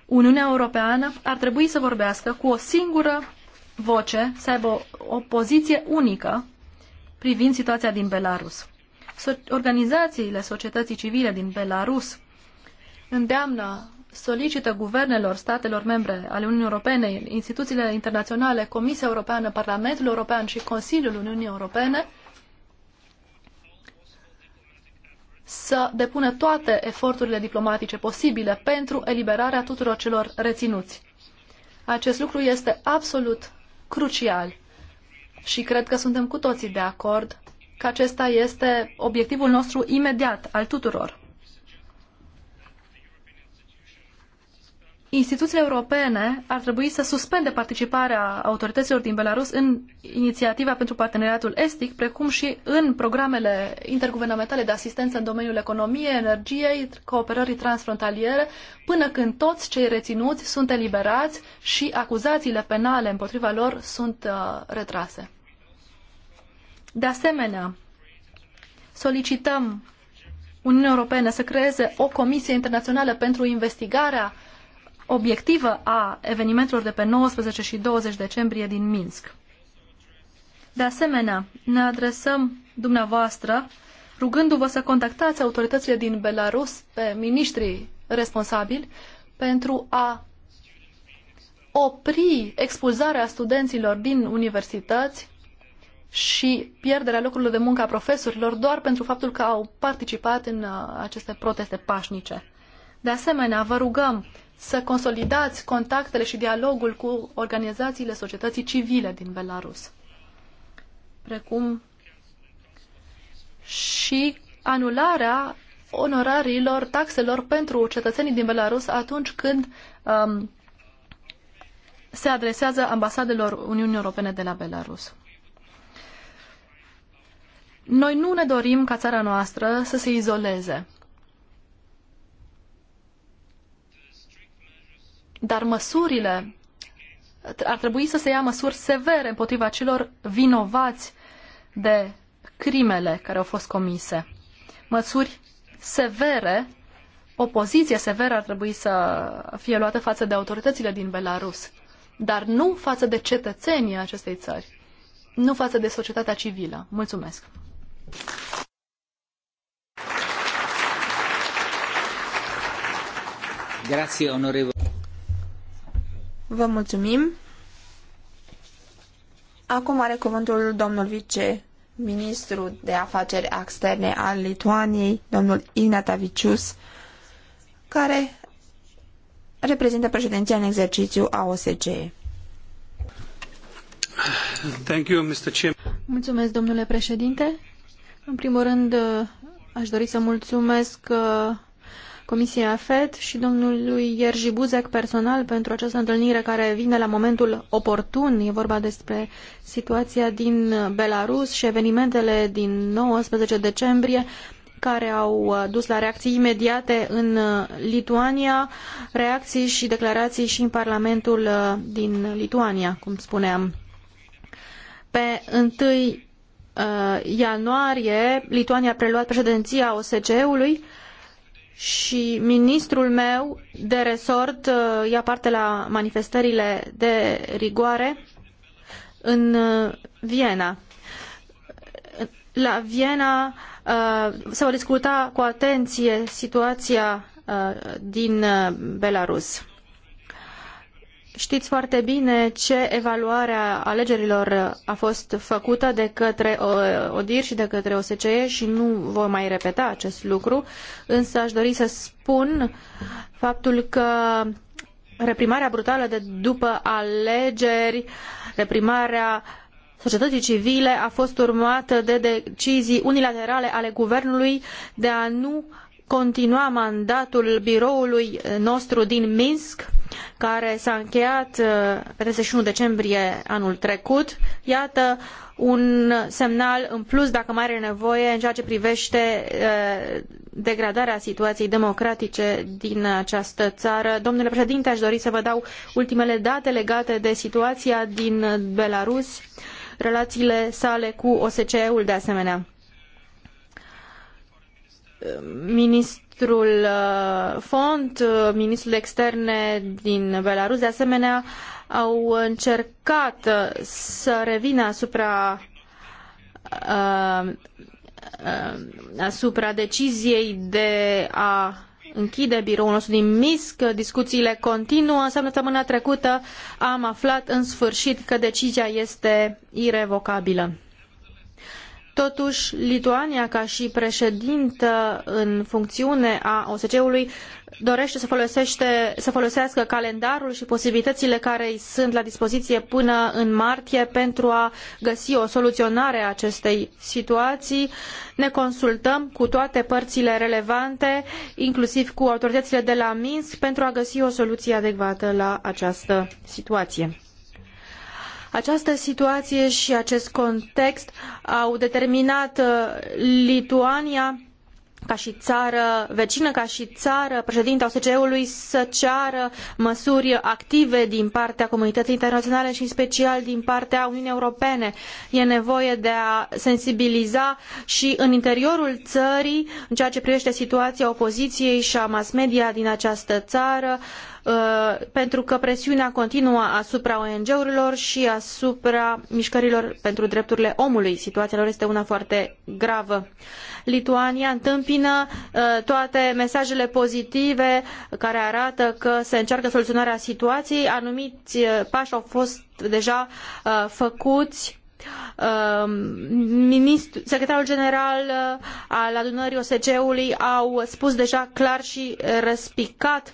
Uniunea Europeană ar trebui să vorbească cu o singură voce, să aibă o, o poziție unică privind situația din Belarus. So organizațiile societății civile din Belarus îndeamnă solicită guvernelor statelor membre ale Uniunii Europene, instituțiile internaționale, Comisia Europeană, Parlamentul European și Consiliul Uniunii Europene să depună toate eforturile diplomatice posibile pentru eliberarea tuturor celor reținuți. Acest lucru este absolut crucial și cred că suntem cu toții de acord că acesta este obiectivul nostru imediat al tuturor. instituțiile europene ar trebui să suspende participarea autorităților din Belarus în inițiativa pentru parteneriatul estic, precum și în programele interguvernamentale de asistență în domeniul economiei, energiei, cooperării transfrontaliere, până când toți cei reținuți sunt eliberați și acuzațiile penale împotriva lor sunt uh, retrase. De asemenea, solicităm Uniunea Europeană să creeze o comisie internațională pentru investigarea obiectivă a evenimentelor de pe 19 și 20 decembrie din Minsk. De asemenea, ne adresăm dumneavoastră rugându-vă să contactați autoritățile din Belarus pe miniștrii responsabili pentru a opri expulzarea studenților din universități și pierderea locurilor de muncă a profesorilor doar pentru faptul că au participat în uh, aceste proteste pașnice. De asemenea, vă rugăm să consolidați contactele și dialogul cu organizațiile societății civile din Belarus, precum și anularea onorariilor, taxelor pentru cetățenii din Belarus atunci când um, se adresează ambasadelor Uniunii Europene de la Belarus. Noi nu ne dorim ca țara noastră să se izoleze. Dar măsurile ar trebui să se ia măsuri severe împotriva celor vinovați de crimele care au fost comise. Măsuri severe, o poziție severă ar trebui să fie luată față de autoritățile din Belarus, dar nu față de cetățenii acestei țări, nu față de societatea civilă. Mulțumesc! Grazie, onorevole. Vă mulțumim. Acum are cuvântul domnul viceministru de afaceri externe al Lituaniei, domnul Ignatavicius, care reprezintă președinția în exercițiu a OSCE. Thank you, Mr. Mulțumesc, domnule președinte. În primul rând, aș dori să mulțumesc uh, Comisiei AFET și domnului Ierji Buzek personal pentru această întâlnire care vine la momentul oportun. E vorba despre situația din Belarus și evenimentele din 19 decembrie care au uh, dus la reacții imediate în uh, Lituania, reacții și declarații și în Parlamentul uh, din Lituania, cum spuneam. Pe 1 ianuarie, Lituania a preluat președinția OSCE-ului și ministrul meu de resort uh, ia parte la manifestările de rigoare în uh, Viena. La Viena uh, se va discuta cu atenție situația din Belarus. Știți foarte bine ce evaluare a alegerilor a fost făcută de către ODIR și de către OSCE și nu voi mai repeta acest lucru, însă aș dori să spun faptul că reprimarea brutală de după alegeri, reprimarea societății civile a fost urmată de decizii unilaterale ale guvernului de a nu continua mandatul biroului nostru din Minsk, care s-a încheiat 31 uh, decembrie anul trecut. Iată un semnal în plus, dacă mai are nevoie, în ceea ce privește uh, degradarea situației democratice din această țară. Domnule președinte, aș dori să vă dau ultimele date legate de situația din Belarus, relațiile sale cu OSCE-ul de asemenea ministrul uh, Font, uh, ministrul de externe din Belarus, de asemenea, au încercat uh, să revină asupra asupra deciziei de a închide biroul nostru din MISC. Discuțiile continuă. În săptămâna trecută am aflat în sfârșit că decizia este irevocabilă. Totuși, Lituania, ca și președintă în funcțiune a OSCE-ului, dorește să, folosește, să folosească calendarul și posibilitățile care îi sunt la dispoziție până în martie pentru a găsi o soluționare a acestei situații. Ne consultăm cu toate părțile relevante, inclusiv cu autoritățile de la Minsk, pentru a găsi o soluție adecvată la această situație. Această situație și acest context au determinat uh, Lituania ca și țară vecină, ca și țară președinte a OSCE-ului să ceară măsuri active din partea comunității internaționale și în special din partea Uniunii Europene. E nevoie de a sensibiliza și în interiorul țării, în ceea ce privește situația opoziției și a mass media din această țară, uh, Uh, pentru că presiunea continuă asupra ONG-urilor și asupra mișcărilor pentru drepturile omului. Situația lor este una foarte gravă. Lituania întâmpină uh, toate mesajele pozitive care arată că se încearcă soluționarea situației. Anumiți uh, pași au fost deja făcuți Ministru, secretarul general al adunării OSCE-ului au spus deja clar și răspicat uh,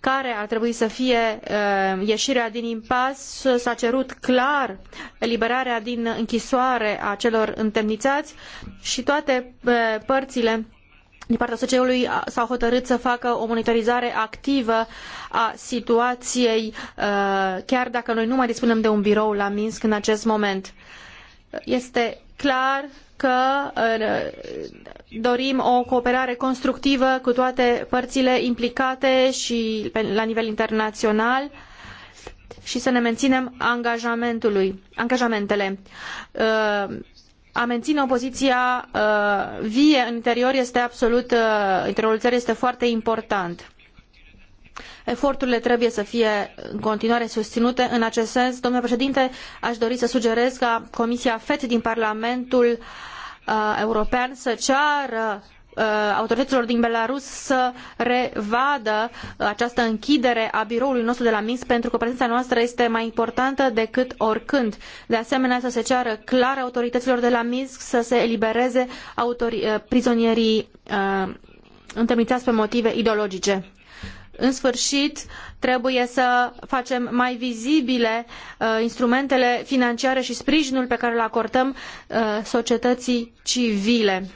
care ar trebui să fie uh, ieșirea din impas. S-a cerut clar eliberarea din închisoare a celor întemnițați și toate uh, părțile din partea SCE-ului s-au hotărât să facă o monitorizare activă a situației, uh, chiar dacă noi nu mai dispunem de un birou la Minsk în acest moment. Este clar că uh, dorim o cooperare constructivă cu toate părțile implicate și la nivel internațional și să ne menținem angajamentului, angajamentele. Uh, a menține opoziția uh, vie în interior este absolut, interiorul țării este foarte important. Eforturile trebuie să fie în continuare susținute. În acest sens, domnule președinte, aș dori să sugerez ca Comisia FET din Parlamentul uh, European să ceară uh, autorităților din Belarus să revadă această închidere a biroului nostru de la Minsk pentru că prezența noastră este mai importantă decât oricând. De asemenea, să se ceară clar autorităților de la Minsk să se elibereze autori, uh, prizonierii uh, întemnițați pe motive ideologice în sfârșit, trebuie să facem mai vizibile uh, instrumentele financiare și sprijinul pe care îl acordăm uh, societății civile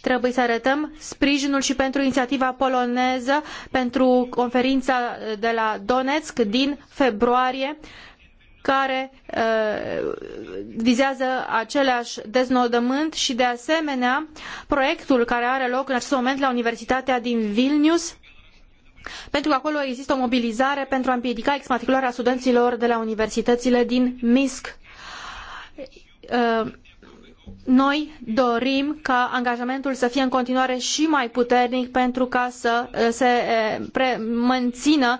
trebuie să arătăm sprijinul și pentru inițiativa poloneză, pentru conferința de la Donetsk din februarie, care uh, vizează aceleași deznodământ și, de asemenea, proiectul care are loc în acest moment la Universitatea din Vilnius pentru că acolo există o mobilizare pentru a împiedica exmatricularea studenților de la universitățile din MISC. Uh, noi dorim ca angajamentul să fie în continuare și mai puternic pentru ca să uh, se uh, pre- mențină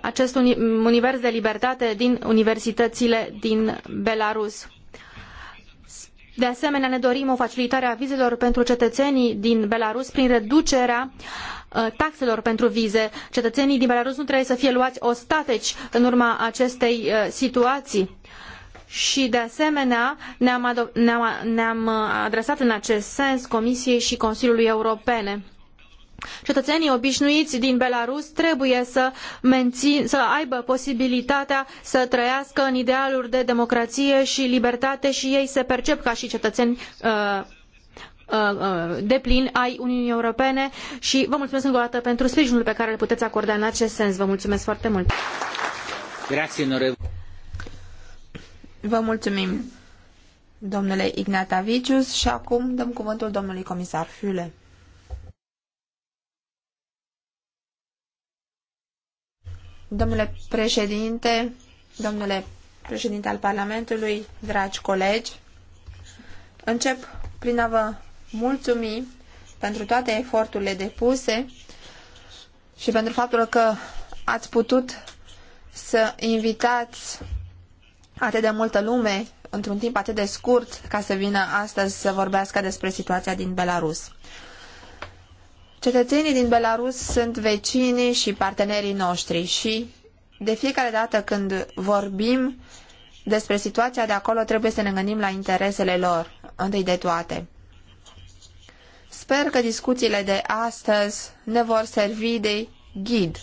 acest univers de libertate din universitățile din Belarus. De asemenea, ne dorim o facilitare a vizelor pentru cetățenii din Belarus prin reducerea uh, Uh, taxelor pentru vize. Cetățenii din Belarus nu trebuie să fie luați ostateci în urma acestei uh, situații. Și, de asemenea, ne-am, ne uh, adresat în acest sens Comisiei și Consiliului Europene. Cetățenii obișnuiți din Belarus trebuie să, mențin, să aibă posibilitatea să trăiască în idealuri de democrație și libertate și ei se percep ca și cetățeni uh, Uh, uh, deplin ai Uniunii Europene și vă mulțumesc încă o dată pentru sprijinul pe care îl puteți acorda în acest sens. Vă mulțumesc foarte mult. Grazie, vă mulțumim, domnule Ignatavicius, și acum dăm cuvântul domnului comisar Fiule. Domnule președinte, domnule președinte al Parlamentului, dragi colegi, încep prin a vă mulțumi pentru toate eforturile depuse și pentru faptul că ați putut să invitați atât de multă lume într-un timp atât de scurt ca să vină astăzi să vorbească despre situația din Belarus. Cetățenii din Belarus sunt vecinii și partenerii noștri și de fiecare dată când vorbim despre situația de acolo trebuie să ne gândim la interesele lor, întâi de toate. Sper că discuțiile de astăzi ne vor servi de ghid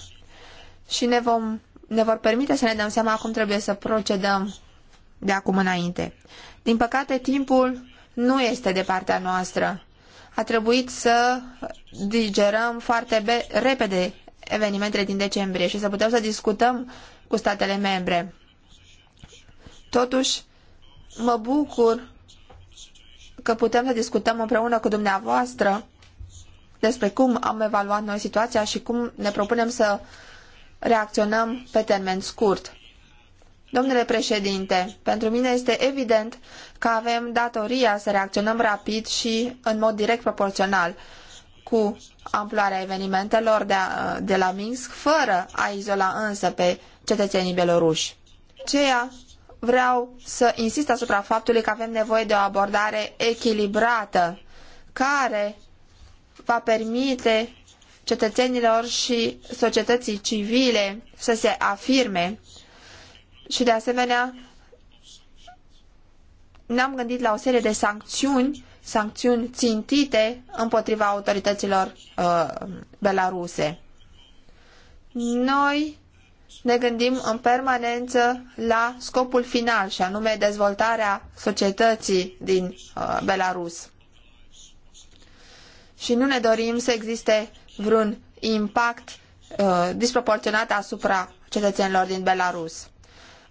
și ne, vom, ne vor permite să ne dăm seama cum trebuie să procedăm de acum înainte. Din păcate, timpul nu este de partea noastră. A trebuit să digerăm foarte repede evenimentele din decembrie și să putem să discutăm cu statele membre. Totuși, mă bucur că putem să discutăm împreună cu dumneavoastră despre cum am evaluat noi situația și cum ne propunem să reacționăm pe termen scurt. Domnule președinte, pentru mine este evident că avem datoria să reacționăm rapid și în mod direct proporțional cu amploarea evenimentelor de, a, de la Minsk, fără a izola însă pe cetățenii beloruși. Ceea vreau să insist asupra faptului că avem nevoie de o abordare echilibrată care va permite cetățenilor și societății civile să se afirme și de asemenea ne-am gândit la o serie de sancțiuni, sancțiuni țintite împotriva autorităților uh, belaruse. Noi ne gândim în permanență la scopul final și anume dezvoltarea societății din uh, Belarus. Și nu ne dorim să existe vreun impact uh, disproporționat asupra cetățenilor din Belarus.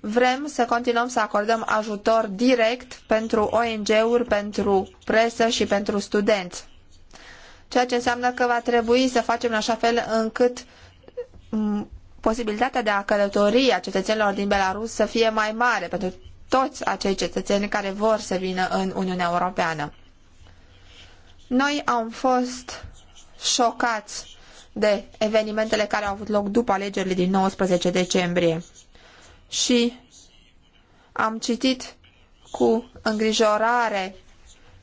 Vrem să continuăm să acordăm ajutor direct pentru ONG-uri, pentru presă și pentru studenți. Ceea ce înseamnă că va trebui să facem în așa fel încât posibilitatea de a călători a cetățenilor din Belarus să fie mai mare pentru toți acei cetățeni care vor să vină în Uniunea Europeană. Noi am fost șocați de evenimentele care au avut loc după alegerile din 19 decembrie și am citit cu îngrijorare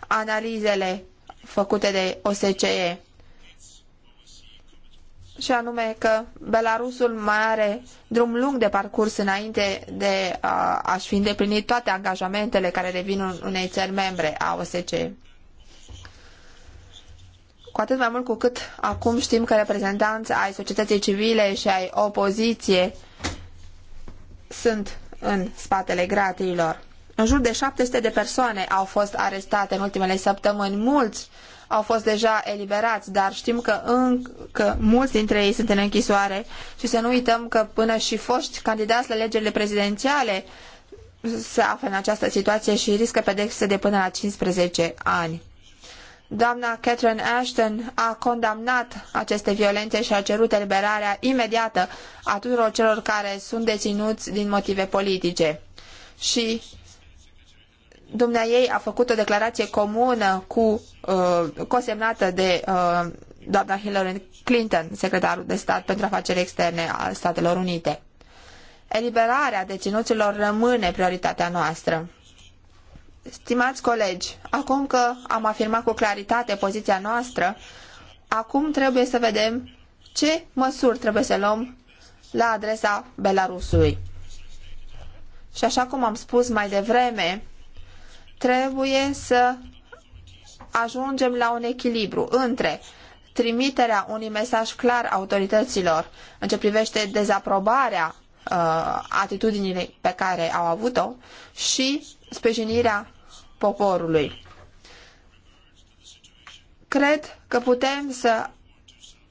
analizele făcute de OSCE și anume că Belarusul mai are drum lung de parcurs înainte de a-și fi îndeplinit toate angajamentele care revin unei țări membre a OSCE. Cu atât mai mult cu cât acum știm că reprezentanți ai societății civile și ai opoziție sunt în spatele gratiilor. În jur de 700 de persoane au fost arestate în ultimele săptămâni, mulți uh, au fost deja eliberați, dar știm că încă mulți dintre ei sunt în închisoare și să nu uităm că până și foști candidați la alegerile prezidențiale se află în această situație și riscă pedepse de până la 15 ani. Doamna Catherine Ashton a condamnat aceste violențe și a cerut eliberarea imediată a tuturor celor care sunt deținuți din motive politice. Și Dumnea ei a făcut o declarație comună cu uh, cosemnată de uh, doamna Hillary Clinton, secretarul de stat pentru afaceri externe al Statelor Unite. Eliberarea deținuților rămâne prioritatea noastră. Stimați colegi, acum că am afirmat cu claritate poziția noastră, acum trebuie să vedem ce măsuri trebuie să luăm la adresa Belarusului. Și așa cum am spus mai devreme, trebuie să ajungem la un echilibru între trimiterea unui mesaj clar autorităților în ce privește dezaprobarea uh, atitudinii pe care au avut-o și sprijinirea poporului. Cred că putem să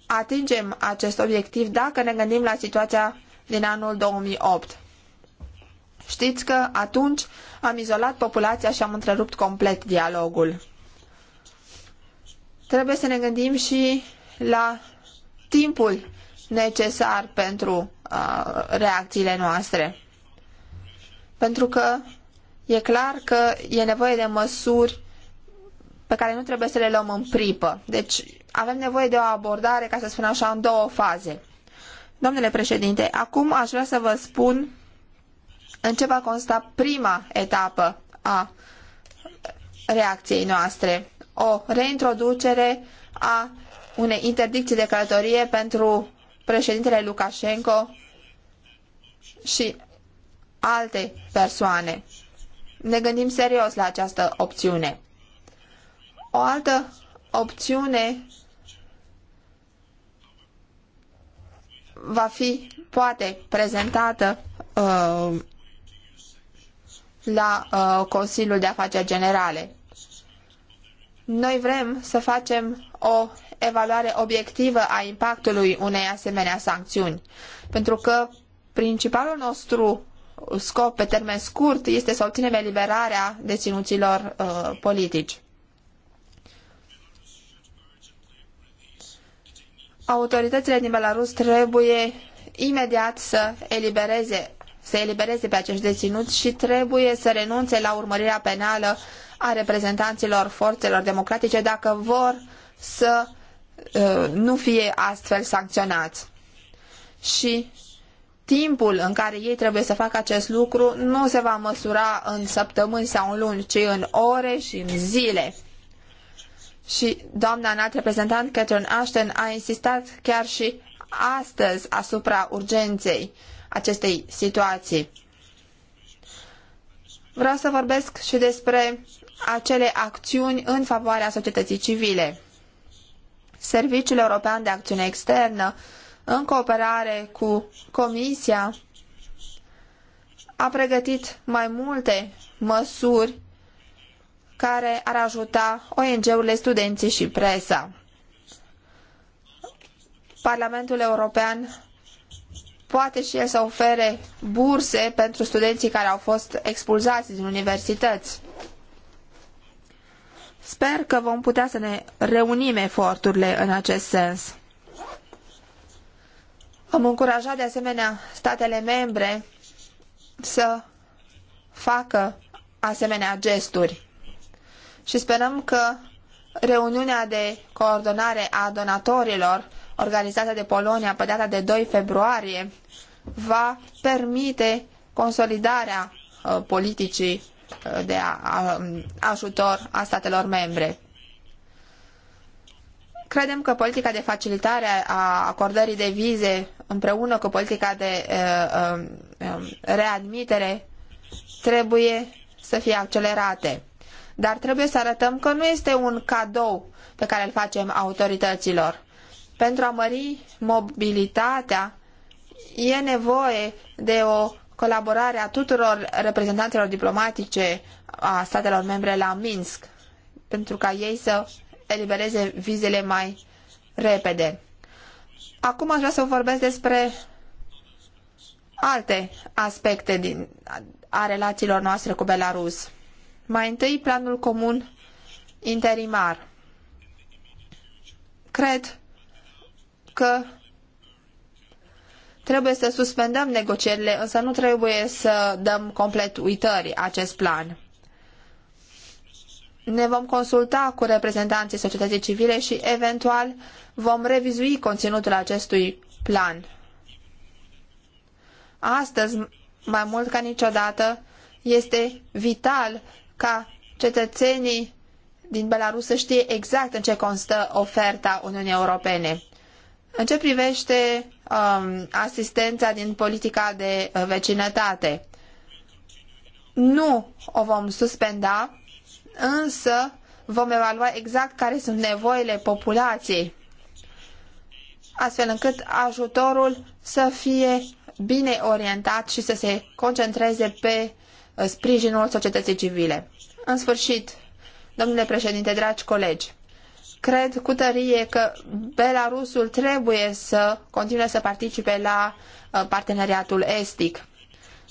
atingem acest obiectiv dacă ne gândim la situația din anul 2008. Știți că atunci am izolat populația și am întrerupt complet dialogul. Trebuie să ne gândim și la timpul necesar pentru uh, reacțiile noastre. Pentru că e clar că e nevoie de măsuri pe care nu trebuie să le luăm în pripă. Deci avem nevoie de o abordare, ca să spun așa, în două faze. Domnule președinte, acum aș vrea să vă spun în ce va consta prima etapă a reacției noastre. O reintroducere a unei interdicții de călătorie pentru președintele Lukashenko și alte persoane. Ne gândim serios la această opțiune. O altă opțiune va fi poate prezentată uh, la uh, Consiliul de Afaceri Generale. Noi vrem să facem o evaluare obiectivă a impactului unei asemenea sancțiuni, pentru că principalul nostru scop pe termen scurt este să obținem eliberarea deținuților uh, politici. Autoritățile din Belarus trebuie imediat să elibereze să elibereze pe acești deținuți și trebuie să renunțe la urmărirea penală a reprezentanților forțelor democratice dacă vor să uh, nu fie astfel sancționați. Și timpul în care ei trebuie să facă acest lucru nu se va măsura în săptămâni sau în luni, ci în ore și în zile. Și doamna înalt reprezentant Catherine Ashton a insistat chiar și astăzi asupra urgenței acestei situații. Vreau să vorbesc și despre acele acțiuni în favoarea societății civile. Serviciul European de Acțiune Externă, în cooperare cu Comisia, a pregătit mai multe măsuri care ar ajuta ONG-urile, studenții și presa. Parlamentul European poate și el să ofere burse pentru studenții care au fost expulzați din universități. Sper că vom putea să ne reunim eforturile în acest sens. Am încurajat de asemenea statele membre să facă asemenea gesturi și sperăm că reuniunea de coordonare a donatorilor organizată de Polonia pe data de 2 februarie va permite consolidarea uh, politicii uh, de um, ajutor a statelor membre. Credem că politica de facilitare a acordării de vize împreună cu politica de uh, um, um, readmitere trebuie să fie accelerate. Dar trebuie să arătăm că nu este un cadou pe care îl facem autorităților. Pentru a mări mobilitatea e nevoie de o colaborare a tuturor reprezentanților diplomatice a statelor membre la Minsk pentru ca ei să elibereze vizele mai repede. Acum aș vrea să vorbesc despre alte aspecte din, a relațiilor noastre cu Belarus. Mai întâi, planul comun interimar. Cred că trebuie să suspendăm negocierile, însă nu trebuie să dăm complet uitări acest plan. Ne vom consulta cu reprezentanții societății civile și eventual vom revizui conținutul acestui plan. Astăzi, mai mult ca niciodată, este vital ca cetățenii din Belarus să știe exact în ce constă oferta Uniunii Europene. În ce privește um, asistența din politica de uh, vecinătate, nu o vom suspenda, însă vom evalua exact care sunt nevoile populației, astfel încât ajutorul să fie bine orientat și să se concentreze pe uh, sprijinul societății civile. În sfârșit, domnule președinte, dragi colegi, Cred cu tărie că Belarusul trebuie să continue să participe la uh, parteneriatul estic.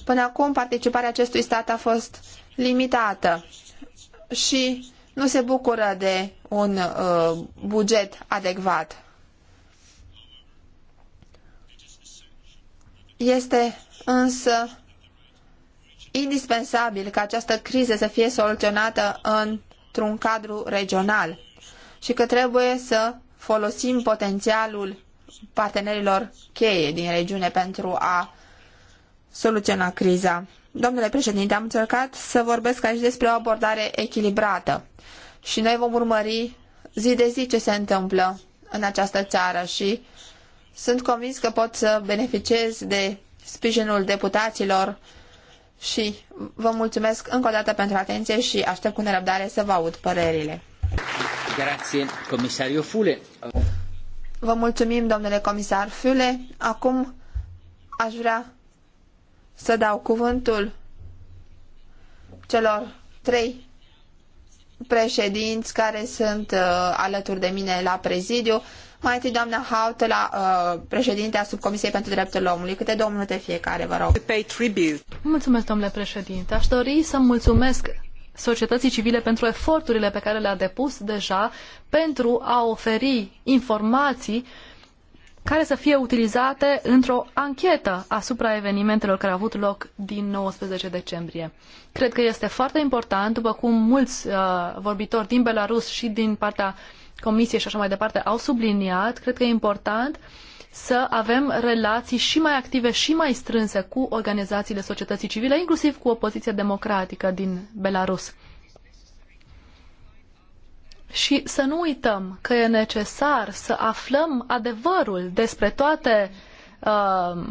Până acum, participarea acestui stat a fost limitată și nu se bucură de un uh, buget adecvat. Este însă indispensabil ca această criză să fie soluționată într-un cadru regional și că trebuie să folosim potențialul partenerilor cheie din regiune pentru a soluționa criza. Domnule președinte, am încercat să vorbesc aici despre o abordare echilibrată și noi vom urmări zi de zi ce se întâmplă în această țară și sunt convins că pot să beneficiez de sprijinul deputaților și vă mulțumesc încă o dată pentru atenție și aștept cu nerăbdare să vă aud părerile. Grazie, comisariu Fule. Vă mulțumim, domnule comisar Fule. Acum aș vrea să dau cuvântul celor trei președinți care sunt uh, alături de mine la prezidiu. Mai întâi doamna Haut, la uh, președintea Subcomisiei pentru Drepturile Omului. Câte două minute fiecare, vă rog. Mulțumesc, domnule președinte. Aș dori să mulțumesc societății civile pentru eforturile pe care le-a depus deja pentru a oferi informații care să fie utilizate într-o anchetă asupra evenimentelor care au avut loc din 19 decembrie. Cred că este foarte important, după cum mulți uh, vorbitori din Belarus și din partea Comisiei și așa mai departe au subliniat, cred că e important uh, să avem relații și mai active și mai strânse cu organizațiile societății civile, inclusiv cu opoziția democratică din Belarus. Și să nu uităm că e necesar să aflăm adevărul despre toate uh,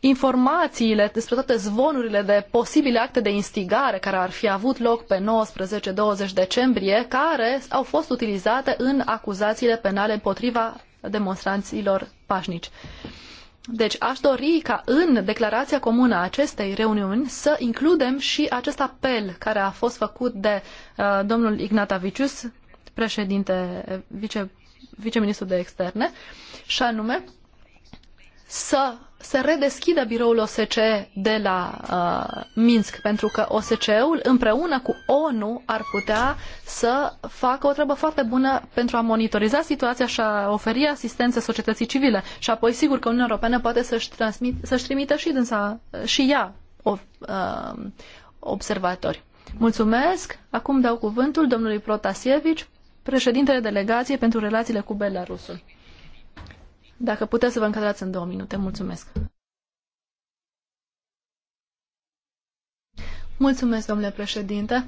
informațiile, despre toate zvonurile de posibile acte de instigare care ar fi avut loc pe 19-20 decembrie, care au fost utilizate în acuzațiile penale împotriva demonstranților pașnici. Deci aș dori ca în declarația comună a acestei reuniuni să includem și acest apel care a fost făcut de uh, domnul Ignatavicius, președinte, vice, viceministru de externe, și anume să se redeschidă biroul OSCE de la uh, Minsk, pentru că OSCE-ul împreună cu ONU ar putea să facă o treabă foarte bună pentru a monitoriza situația și a oferi asistență societății civile. Și apoi, sigur că Uniunea Europeană poate să-și, transmit, să-și trimită și, dânsa, și ea o, uh, observatori. Mulțumesc! Acum dau cuvântul domnului Protasievici, președintele delegației pentru relațiile cu Belarusul. Dacă puteți să vă încadrați în două minute, mulțumesc. Mulțumesc, domnule președinte.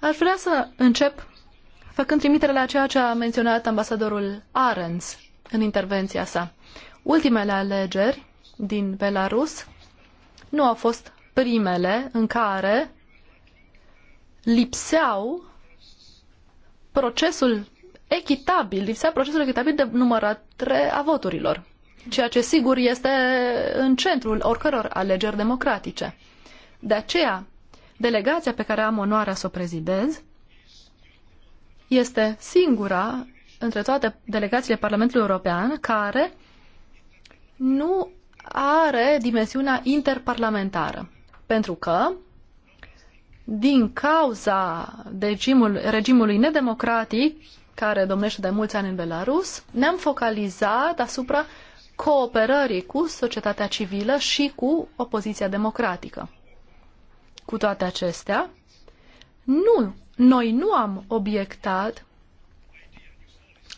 Aș vrea să încep făcând trimitere la ceea ce a menționat ambasadorul Arens în intervenția sa. Ultimele alegeri din Belarus nu au fost primele în care lipseau procesul echitabil, lipsea procesul echitabil de numărare a voturilor, ceea ce sigur este în centrul oricăror alegeri democratice. De aceea, delegația pe care am onoarea să o prezidez este singura între toate delegațiile Parlamentului European care nu are dimensiunea interparlamentară. Pentru că, din cauza regimul, regimului nedemocratic care domnește de mulți ani în Belarus, ne-am focalizat asupra cooperării cu societatea civilă și cu opoziția democratică. Cu toate acestea, nu, noi nu am obiectat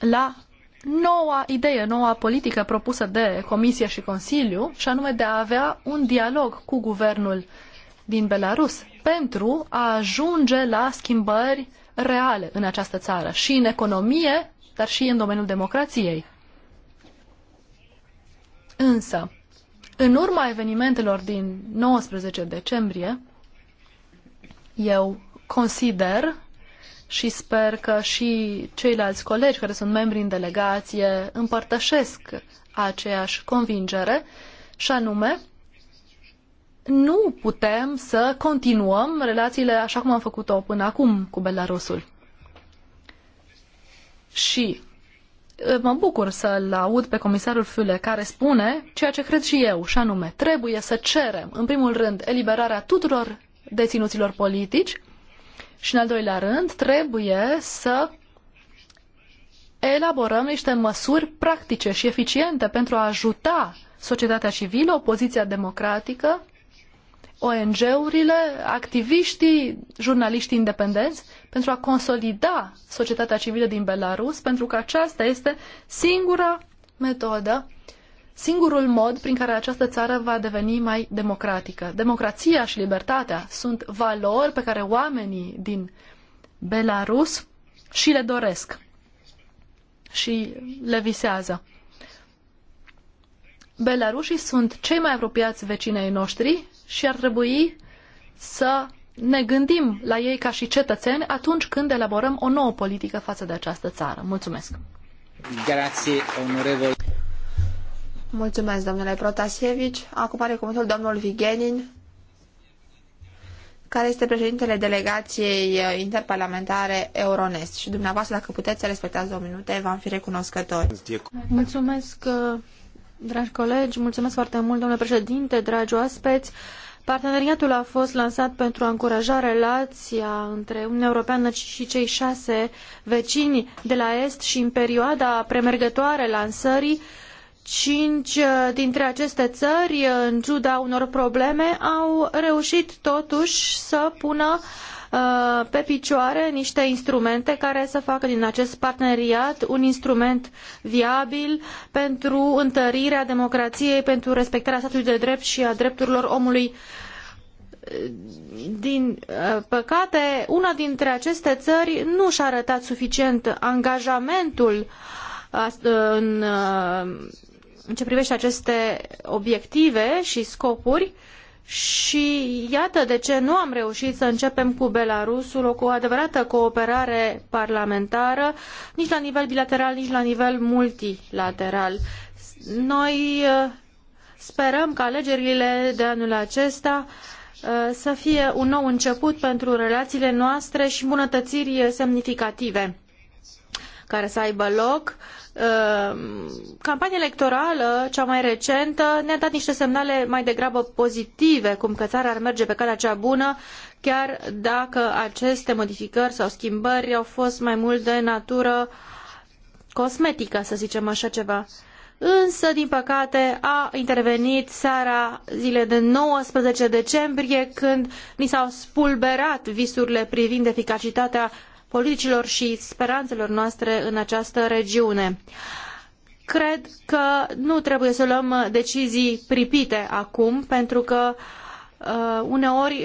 la noua idee, noua politică propusă de comisia și Consiliu, și anume de a avea un dialog cu guvernul din Belarus pentru a ajunge la schimbări reale în această țară, și în economie, dar și în domeniul democrației. Însă, în urma evenimentelor din 19 decembrie, eu consider și sper că și ceilalți colegi care sunt membri în delegație împărtășesc aceeași convingere, și anume nu putem să continuăm relațiile așa cum am făcut-o până acum cu Belarusul. Și mă bucur să-l aud pe comisarul Füle care spune ceea ce cred și eu, și anume, trebuie să cerem, în primul rând, eliberarea tuturor deținuților politici și, în al doilea rând, trebuie să elaborăm niște măsuri practice și eficiente pentru a ajuta societatea civilă, opoziția democratică ONG-urile, activiștii, jurnaliștii independenți, pentru a consolida societatea civilă din Belarus, pentru că aceasta este singura metodă, singurul mod prin care această țară va deveni mai democratică. Democrația și libertatea sunt valori pe care oamenii din Belarus și le doresc și le visează. Belarușii sunt cei mai apropiați vecinei noștri și ar trebui să ne gândim la ei ca și cetățeni atunci când elaborăm o nouă politică față de această țară. Mulțumesc! Grazie, onorevole. Mulțumesc, domnule Protasievici. Acum are cuvântul domnul Vigenin, care este președintele delegației uh, interparlamentare Euronest. Și dumneavoastră, dacă puteți să respectați două minute, v-am fi recunoscători. Mulțumesc, uh, Dragi colegi, mulțumesc foarte mult, domnule președinte, dragi oaspeți. Parteneriatul a fost lansat pentru a încuraja relația între Uniunea Europeană și cei șase vecini de la Est și în perioada premergătoare lansării, cinci dintre aceste țări, în ciuda unor probleme, au reușit totuși să pună uh, Uh, pe picioare niște instrumente care să facă din acest parteneriat un instrument viabil pentru întărirea democrației, pentru respectarea statului de drept și a drepturilor omului din uh, păcate, una dintre aceste țări nu și-a arătat suficient angajamentul uh, în, ceea ce privește aceste obiective și scopuri uh, și iată de ce nu am reușit să începem cu Belarusul cu o adevărată cooperare parlamentară, nici la nivel bilateral, nici la nivel multilateral. Noi uh, sperăm că alegerile de anul acesta uh, să fie un nou început pentru relațiile noastre și îmbunătățiri semnificative care să aibă loc Ehm, campania electorală, cea mai recentă, ne-a dat niște semnale mai degrabă pozitive, cum că țara ar merge pe calea cea bună, chiar dacă aceste modificări sau schimbări au fost mai mult de natură cosmetică, să zicem așa ceva. Însă, din păcate, a intervenit seara zilei de 19 decembrie, când ni s-au spulberat visurile privind eficacitatea politicilor și speranțelor noastre în această regiune. Cred că nu trebuie să luăm decizii pripite acum, pentru că Uh, uneori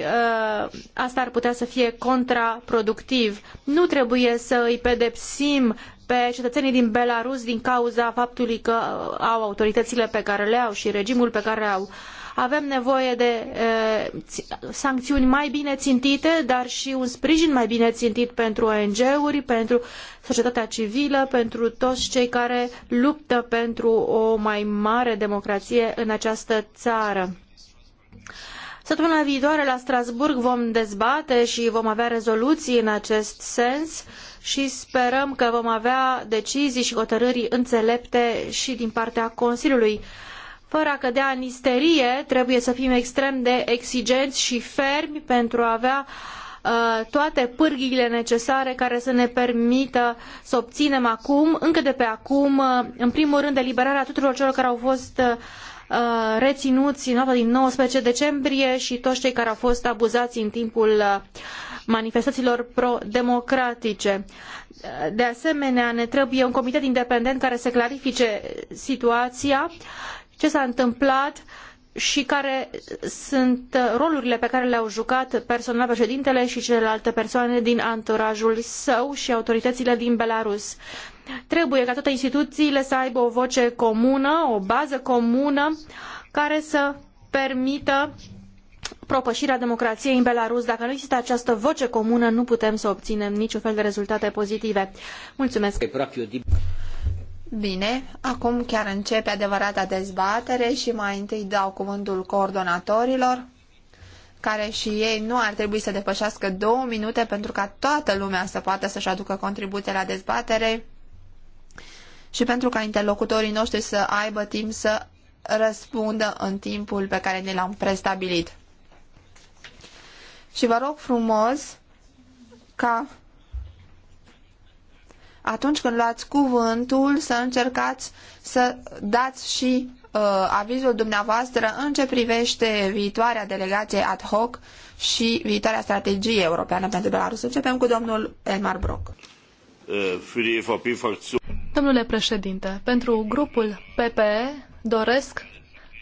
uh, asta ar putea să fie contraproductiv. Nu trebuie să îi pedepsim pe cetățenii din Belarus din cauza faptului că uh, au autoritățile pe care le au și regimul pe care le au. Uh, avem nevoie de sancțiuni mai bine țintite, dar și un sprijin mai bine țintit pentru ONG-uri, pentru societatea civilă, pentru toți cei care luptă pentru o mai mare democrație în această țară. Săptămâna viitoare la Strasbourg vom dezbate și vom avea rezoluții în acest sens și sperăm că vom avea decizii și hotărâri înțelepte și din partea Consiliului. Fără a cădea în isterie, trebuie să fim extrem de exigenți și fermi pentru a avea uh, toate pârghiile necesare care să ne permită să obținem acum, încă de pe acum, uh, în primul rând, eliberarea tuturor celor care au fost uh, reținuți în noaptea din 19 decembrie și toți cei care au fost abuzați în timpul manifestațiilor pro-democratice. De asemenea, ne trebuie un comitet independent care să clarifice situația ce s-a întâmplat și care sunt rolurile pe care le-au jucat personal președintele și celelalte persoane din anturajul său și autoritățile din Belarus. Trebuie ca toate instituțiile să aibă o voce comună, o bază comună care să permită propășirea democrației în Belarus. Dacă nu există această voce comună, nu putem să obținem niciun fel de rezultate pozitive. Mulțumesc! Bine, acum chiar începe adevărata dezbatere și mai întâi dau cuvântul coordonatorilor, care și ei nu ar trebui să depășească două minute pentru ca toată lumea să poată să-și aducă contribuția la dezbatere și pentru ca interlocutorii noștri să aibă timp să răspundă în timpul pe care ne l-am prestabilit. Și vă rog frumos ca atunci când luați cuvântul, să încercați să dați și uh, avizul dumneavoastră în ce privește viitoarea delegație ad hoc și viitoarea strategie europeană pentru Belarus. Începem cu domnul Elmar Brock. Domnule președinte, pentru grupul PPE doresc,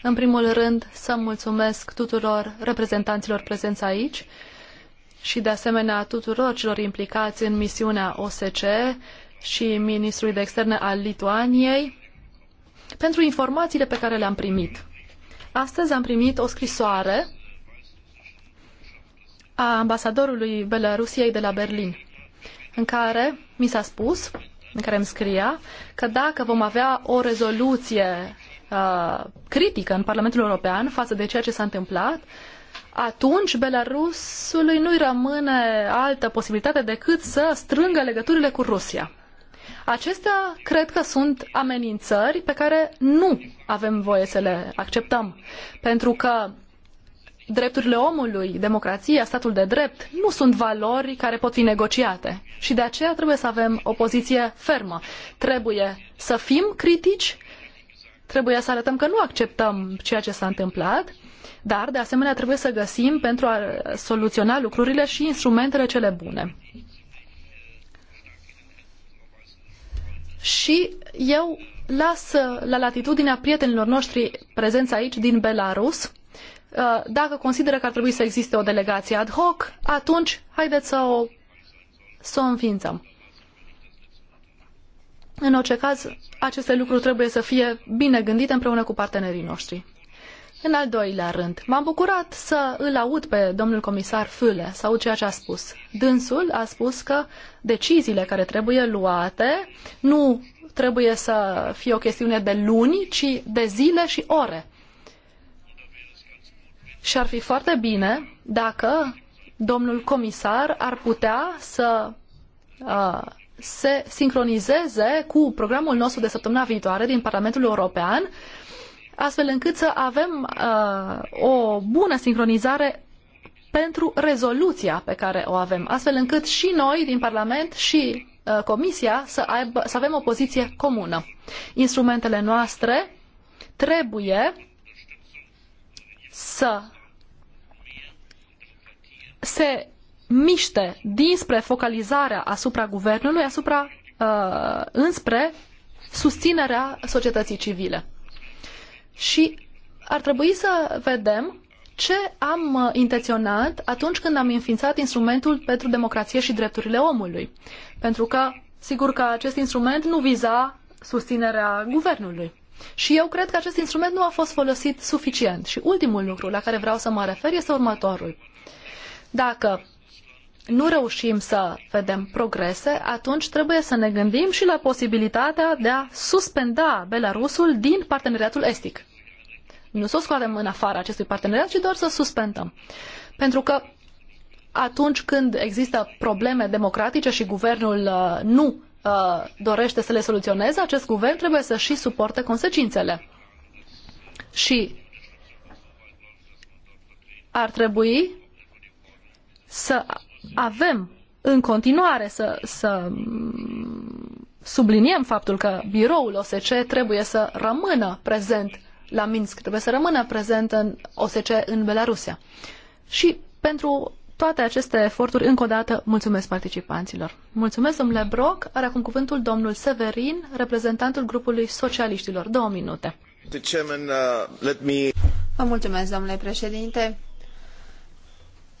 în primul rând, să mulțumesc tuturor reprezentanților prezenți aici și, de asemenea, tuturor celor implicați în misiunea OSCE și ministrului de externe al Lituaniei pentru informațiile pe care le-am primit. Astăzi am primit o scrisoare a ambasadorului Belarusiei de la Berlin, în care mi s-a spus, în care îmi scria, că dacă vom avea o rezoluție uh, critică în Parlamentul European față de ceea ce s-a întâmplat, atunci Belarusului nu-i rămâne altă posibilitate decât să strângă legăturile cu Rusia. Acestea cred că sunt amenințări pe care nu avem voie să le acceptăm, pentru că drepturile omului, democrația, statul de drept nu sunt valori care pot fi negociate și de aceea trebuie să avem o poziție fermă. Trebuie să fim critici, trebuie să arătăm că nu acceptăm ceea ce s-a întâmplat, dar de asemenea trebuie să găsim pentru a soluționa lucrurile și instrumentele cele bune. și eu las la latitudinea prietenilor noștri prezenți aici din Belarus. Uh, dacă consideră că ar trebui să existe o delegație ad hoc, atunci haideți să o, să o înființăm. În orice caz, aceste lucruri trebuie să fie bine gândite împreună cu partenerii noștri. În al doilea rând, m-am bucurat să îl aud pe domnul comisar Füle, să aud ceea ce a spus. Dânsul a spus că deciziile care trebuie luate nu trebuie să fie o chestiune de luni, ci de zile și ore. Și ar fi foarte bine dacă domnul comisar ar putea să uh, se sincronizeze cu programul nostru de săptămâna viitoare din Parlamentul European, uh, astfel încât să avem uh, o bună sincronizare pentru rezoluția pe care o avem, astfel încât și noi din Parlament și uh, Comisia să, aibă, să avem o poziție comună. Instrumentele noastre trebuie să se miște dinspre focalizarea asupra guvernului, asupra uh, înspre susținerea societății civile și ar trebui să vedem ce am uh, intenționat atunci când am înființat instrumentul pentru democrație și drepturile omului. Pentru că, sigur că acest instrument nu viza susținerea guvernului. Și eu cred că acest instrument nu a fost folosit suficient. Și ultimul lucru la care vreau să mă refer este următorul. Dacă nu reușim să vedem progrese, atunci trebuie să ne gândim și la posibilitatea de a suspenda Belarusul din parteneriatul estic. Nu să o scoatem în afara acestui parteneriat, ci doar să suspendăm. Pentru că atunci când există probleme democratice și guvernul uh, nu uh, dorește să le soluționeze, acest guvern trebuie să și suporte consecințele. Și ar trebui să avem în continuare să, să subliniem faptul că biroul OSCE trebuie să rămână prezent la Minsk, trebuie să rămână prezent în OSCE în Belarusia. Și pentru toate aceste eforturi, încă o dată, mulțumesc participanților. Mulțumesc, domnule Brok, Are acum cuvântul domnul Severin, reprezentantul grupului socialiștilor. Două minute. Uh, Vă mulțumesc, domnule președinte.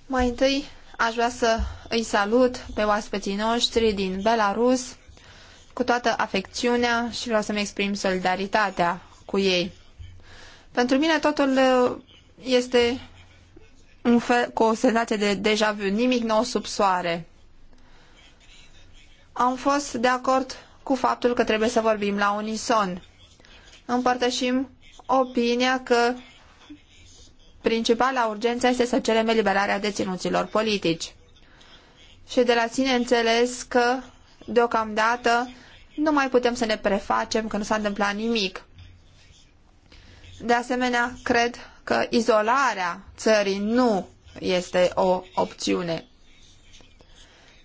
Mai întâi Aș vrea să îi salut pe oaspeții noștri din Belarus cu toată afecțiunea și vreau să-mi exprim solidaritatea cu ei. Pentru mine totul uh, este un fel, cu o senzație de deja vu, nimic nou sub soare. Am fost de acord cu faptul că trebuie să vorbim la unison. Împărtășim opinia că Principala urgență este să cerem eliberarea deținuților politici. Și de la sine înțeles că, deocamdată, nu mai putem să ne prefacem că nu s-a întâmplat nimic. De asemenea, cred că izolarea țării nu este o opțiune.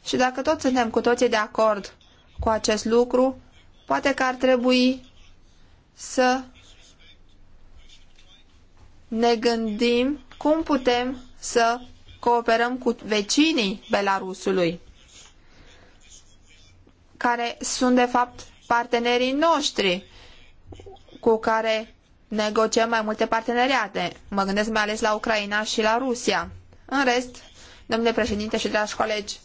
Și dacă tot suntem cu toții de acord cu acest lucru, poate că ar trebui să ne gândim cum putem să cooperăm cu vecinii Belarusului, care sunt de fapt partenerii noștri cu care negociem mai multe parteneriate. Mă gândesc mai ales la Ucraina și la Rusia. În rest, domnule președinte și dragi colegi,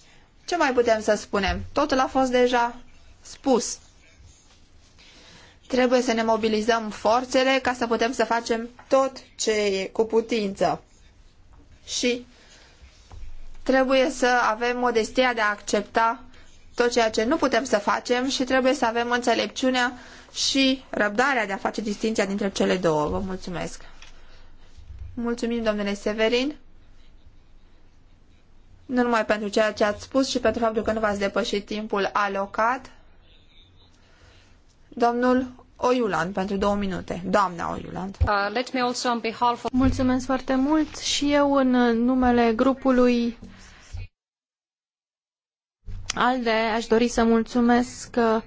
ce mai putem să spunem? Totul a fost deja spus. Trebuie să ne mobilizăm forțele ca să putem să facem tot ce e cu putință. Și trebuie să avem modestia de a accepta tot ceea ce nu putem să facem și trebuie să avem înțelepciunea și răbdarea de a face distinția dintre cele două. Vă mulțumesc! Mulțumim, domnule Severin, nu numai pentru ceea ce ați spus și pentru faptul că nu v-ați depășit timpul alocat. Domnul Oiuland, pentru două minute. Doamna Oiuland. Uh, let me also on behalf of... Mulțumesc foarte mult și eu în numele grupului ALDE aș dori să mulțumesc uh,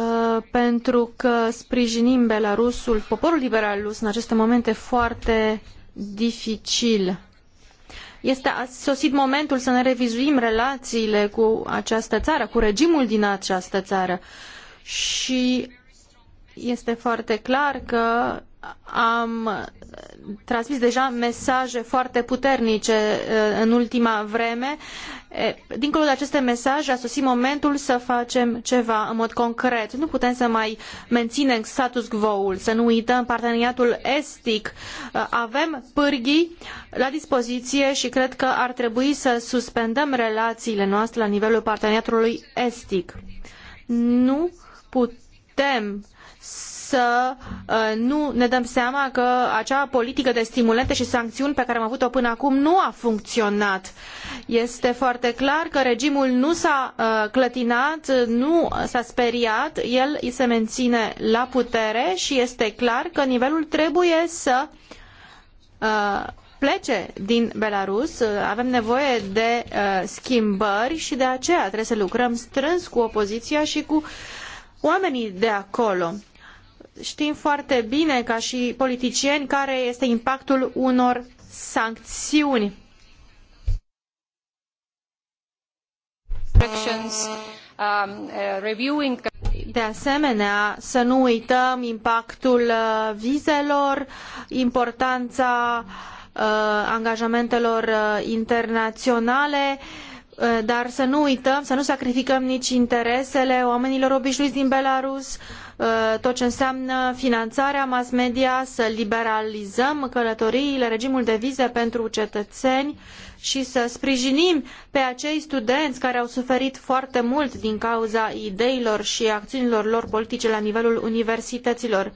uh pentru că sprijinim Belarusul, poporul liberal rus în aceste momente foarte dificil. Este a sosit momentul să ne revizuim relațiile cu această țară, cu regimul din această țară și este foarte clar că am transmis deja mesaje foarte puternice uh, în ultima vreme. Dincolo de aceste mesaje, a sosit momentul să facem ceva în mod concret. Nu putem să mai menținem status quo-ul, să nu uităm parteneriatul estic. Uh, avem pârghii la dispoziție și cred că ar trebui să suspendăm relațiile noastre la nivelul parteneriatului estic. Nu putem să uh, nu ne dăm seama că acea politică de stimulente și sancțiuni pe care am avut-o până acum nu a funcționat. Este foarte clar că regimul nu s-a uh, clătinat, nu s-a speriat, el se menține la putere și este clar că nivelul trebuie să uh, plece din Belarus. Avem nevoie de schimbări și de aceea trebuie să lucrăm strâns cu opoziția și cu uh, oamenii de acolo. Știm foarte bine, ca și politicieni, care este impactul unor sancțiuni. Um, uh, de asemenea, să nu uităm impactul uh, vizelor, importanța uh, angajamentelor internaționale, uh, Eh, dar să nu uităm, să nu sacrificăm nici interesele oamenilor obișnuiți din Belarus, eh, tot ce înseamnă finanțarea mass media, să liberalizăm călătoriile, regimul de vize pentru cetățeni și să sprijinim pe acei studenți care au suferit foarte mult din cauza ideilor și acțiunilor lor politice la nivelul universităților.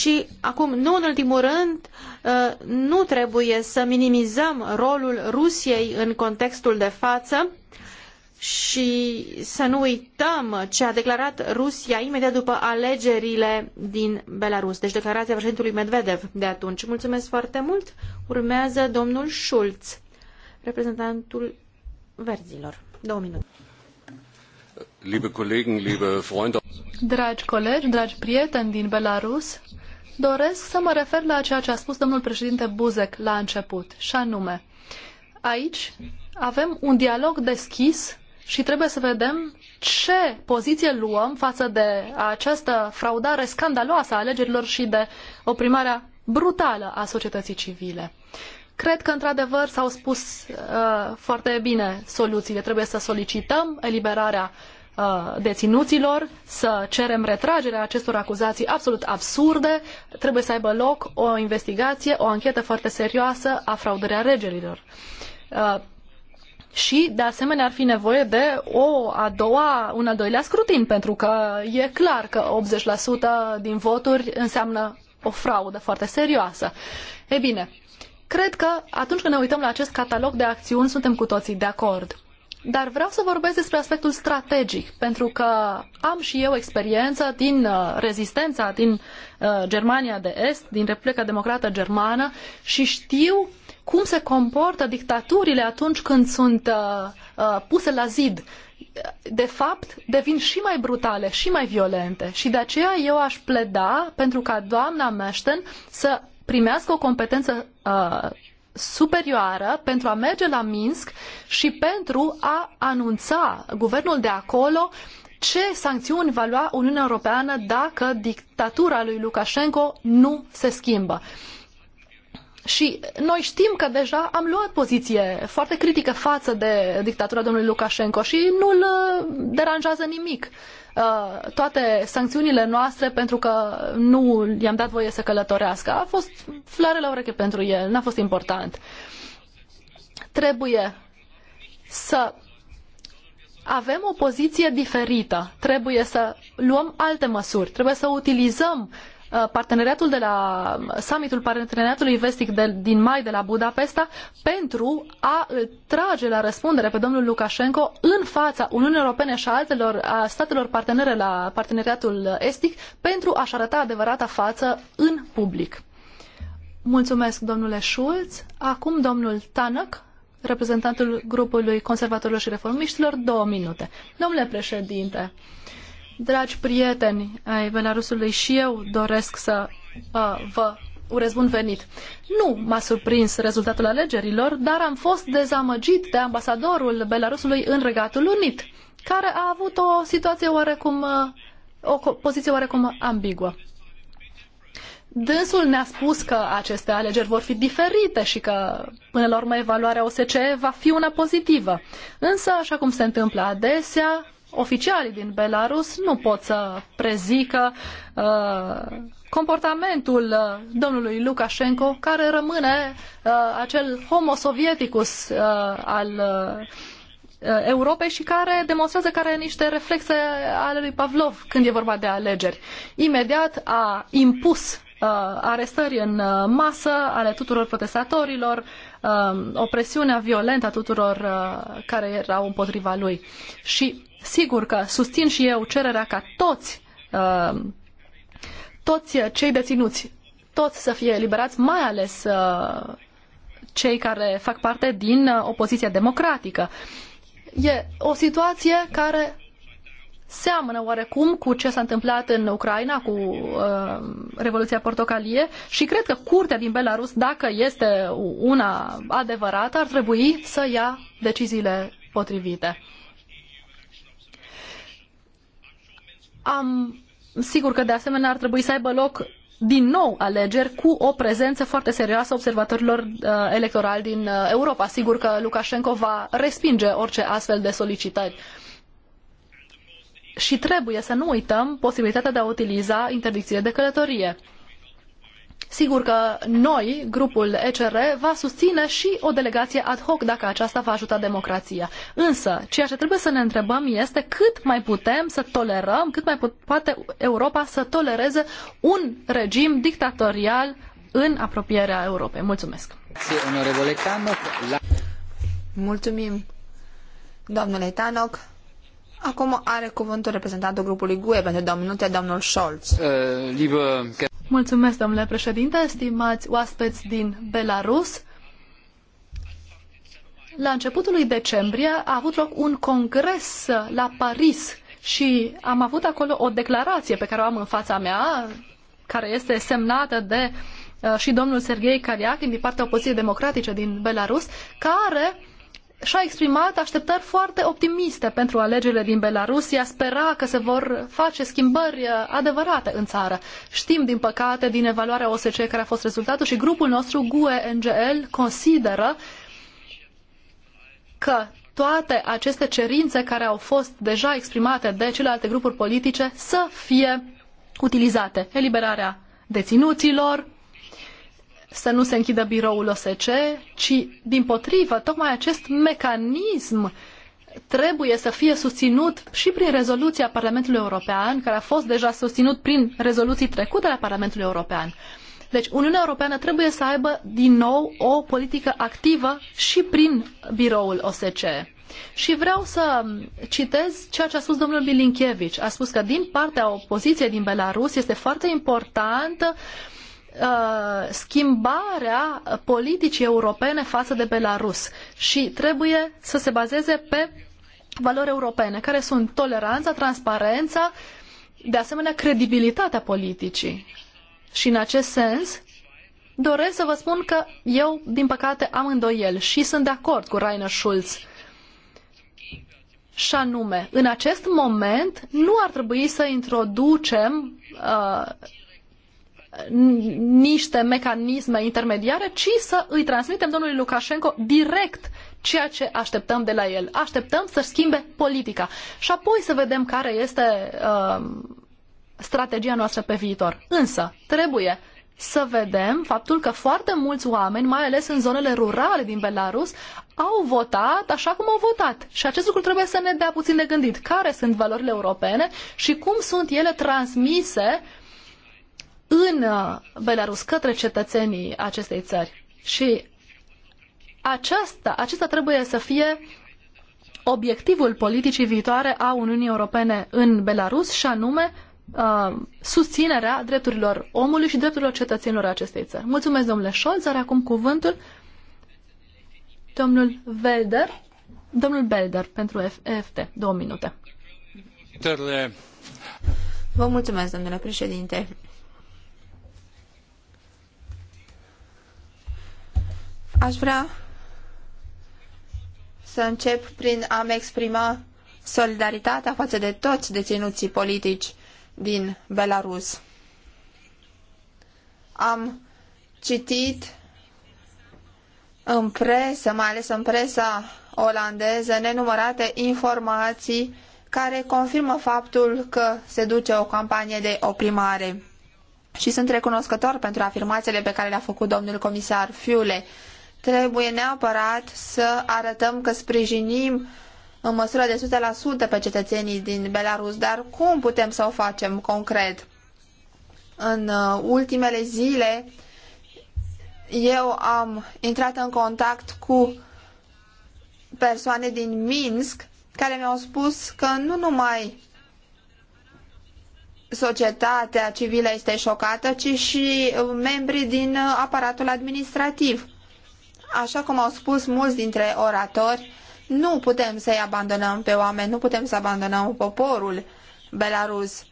Și acum, nu în ultimul rând, uh, nu trebuie să minimizăm rolul Rusiei în contextul de față și să nu uităm ce a declarat Rusia imediat după alegerile din Belarus, deci declarația președintelui Medvedev de atunci. Mulțumesc foarte mult. Urmează domnul Schulz, reprezentantul verzilor. Două minute. Liebe Kollegen, liebe Freunde. Dragi colegi, dragi prieteni din Belarus, doresc să mă refer la ceea ce a spus domnul președinte Buzek la început, și anume, aici avem un dialog deschis și trebuie să vedem ce poziție luăm față de această fraudare scandaloasă a alegerilor și de oprimarea brutală a societății civile. Cred că, într-adevăr, s-au spus uh, foarte bine soluțiile. Trebuie să solicităm eliberarea Uh, deținuților, să cerem retragerea acestor acuzații absolut absurde. Trebuie să aibă loc o investigație, o anchetă foarte serioasă a fraudării alegerilor. Uh, și, de asemenea, ar fi nevoie de o a doua, un al doilea scrutin, pentru că e clar că 80% din voturi înseamnă o fraudă foarte serioasă. Ei bine, cred că atunci când ne uităm la acest catalog de acțiuni, suntem cu toții de acord. Dar vreau să vorbesc despre aspectul strategic, pentru că am și eu experiență din uh, rezistența din uh, Germania de Est, din Republica Democrată Germană și știu cum se comportă dictaturile atunci când sunt uh, puse la zid. De fapt, devin și mai brutale, și mai violente. Și de aceea eu aș pleda pentru ca doamna Meșten să primească o competență uh, superioară pentru a merge la Minsk și pentru a anunța guvernul de acolo ce sancțiuni va lua Uniunea Europeană dacă dictatura lui Lukashenko nu se schimbă. Și noi știm că deja am luat poziție foarte critică față de dictatura domnului Lukashenko și nu-l uh, deranjează nimic. Uh, toate sancțiunile noastre pentru că nu i-am dat voie să călătorească a fost flare la ureche pentru el, n-a fost important. Trebuie să avem o poziție diferită. Trebuie să luăm alte măsuri, trebuie să utilizăm Uh, parteneriatul de la summitul parteneriatului vestic de, din mai de la Budapesta pentru a îl trage la răspundere pe domnul Lukashenko în fața Uniunii Europene și a altelor a statelor partenere la parteneriatul estic pentru a-și arăta adevărata față în public. Mulțumesc, domnule Schulz. Acum, domnul Tanăc, reprezentantul grupului conservatorilor și reformiștilor, două minute. Domnule președinte, uh, Dragi prieteni ai Belarusului, și eu doresc să uh, vă urez bun venit. Nu m-a surprins rezultatul alegerilor, dar am fost dezamăgit de ambasadorul Belarusului în Regatul Unit, care a avut o situație oarecum, uh, o poziție oarecum ambiguă. Dânsul ne-a spus că aceste alegeri vor fi diferite și că, până la urmă, evaluarea OSCE va fi una pozitivă. Însă, așa cum se întâmplă adesea, oficialii din Belarus nu pot să prezică uh, comportamentul uh, domnului Lukashenko, care rămâne uh, acel homo sovieticus uh, al uh, uh, Europei și care demonstrează că are niște reflexe ale lui Pavlov când e vorba de alegeri. Imediat a impus arestări în masă ale tuturor protestatorilor, opresiunea violentă a tuturor care erau împotriva lui. Și Sigur că susțin și eu cererea ca toți, uh, toți cei deținuți, toți să fie eliberați, mai ales uh, cei care fac parte din uh, opoziția democratică. E o situație care seamănă oarecum cu ce s-a întâmplat în Ucraina cu uh, Revoluția Portocalie și cred că curtea din Belarus, dacă este una adevărată, ar trebui să ia deciziile potrivite. Am, sigur că de asemenea ar trebui să aibă loc din nou alegeri cu o prezență foarte serioasă observatorilor uh, electorali din uh, Europa. Sigur că Lukashenko va respinge orice astfel de solicitări. Și trebuie să nu uităm posibilitatea de a utiliza interdicție de călătorie. Sigur că noi, grupul ECR, va susține și o delegație ad hoc dacă aceasta va ajuta democrația. Însă, ceea ce trebuie să ne întrebăm este cât mai putem să tolerăm, cât mai poate Europa să tolereze un regim dictatorial în apropierea Europei. Mulțumesc! Mulțumim, domnule Tanoc. Acum are cuvântul reprezentantul grupului GUE pentru două minute, domnul Scholz. Uh, Mulțumesc, domnule președinte, stimați oaspeți din Belarus. La începutul lui decembrie a avut loc un congres la Paris și am avut acolo o declarație pe care o am în fața mea, care este semnată de uh, și domnul Serghei Kariakin din partea opoziției democratice din Belarus, care și-a exprimat așteptări foarte optimiste pentru alegerile din Belarusia, spera că se vor face schimbări uh, adevărate în țară. Știm, din păcate, din evaluarea OSCE care a fost rezultatul și grupul nostru GUE-NGL consideră că toate aceste cerințe care au fost deja exprimate de celelalte grupuri politice să fie utilizate. Eliberarea deținuților, să nu se închidă biroul OSCE, ci din potrivă, tocmai acest mecanism trebuie să fie susținut și prin rezoluția Parlamentului European, care a fost deja susținut prin rezoluții trecute la Parlamentul European. Deci Uniunea Europeană trebuie să aibă din nou o politică activă și prin biroul OSCE. Și vreau să citez ceea ce a spus domnul Bilinchievici. A spus că din partea opoziției din Belarus este foarte importantă uh, Uh, schimbarea politicii europene față de Belarus și trebuie să se bazeze pe valori europene, care sunt toleranța, transparența, de asemenea credibilitatea politicii. Și în acest sens, doresc să vă spun că eu, din păcate, am îndoiel și sunt de acord cu Rainer Schulz. Și anume, în acest moment nu ar trebui să introducem uh, niște mecanisme intermediare, ci să îi transmitem domnului Lukashenko direct ceea ce așteptăm de la el. Așteptăm să schimbe politica și apoi să vedem care este uh, strategia noastră pe viitor. Însă, trebuie să vedem faptul că foarte mulți oameni, mai ales în zonele rurale din Belarus, au votat așa cum au votat. Și acest lucru trebuie să ne dea puțin de gândit. Care sunt valorile europene și cum sunt ele transmise uh, în uh, Belarus către cetățenii acestei țări. Și aceasta, acesta trebuie să fie obiectivul politicii viitoare a Uniunii Europene în Belarus și anume uh, susținerea drepturilor omului și drepturilor cetățenilor acestei țări. Mulțumesc, domnule Scholz. Are acum cuvântul domnul Belder, domnul Belder pentru EFT. Două minute. Vă mulțumesc, domnule președinte. Aș vrea să încep prin a-mi exprima solidaritatea față de toți deținuții politici din Belarus. Am citit în presă, mai ales în presa olandeză, nenumărate informații care confirmă faptul că se duce o campanie de oprimare. Și sunt recunoscător pentru afirmațiile pe care le-a făcut domnul comisar Fiule trebuie neapărat să arătăm că sprijinim în măsură de 100% pe cetățenii din Belarus, dar cum putem să o facem concret? În uh, ultimele zile eu am intrat în contact cu persoane din Minsk care mi-au spus că nu numai societatea civilă este șocată, ci și uh, membrii din uh, aparatul administrativ așa cum au spus mulți dintre oratori, nu putem să-i abandonăm pe oameni, nu putem să abandonăm poporul belarus.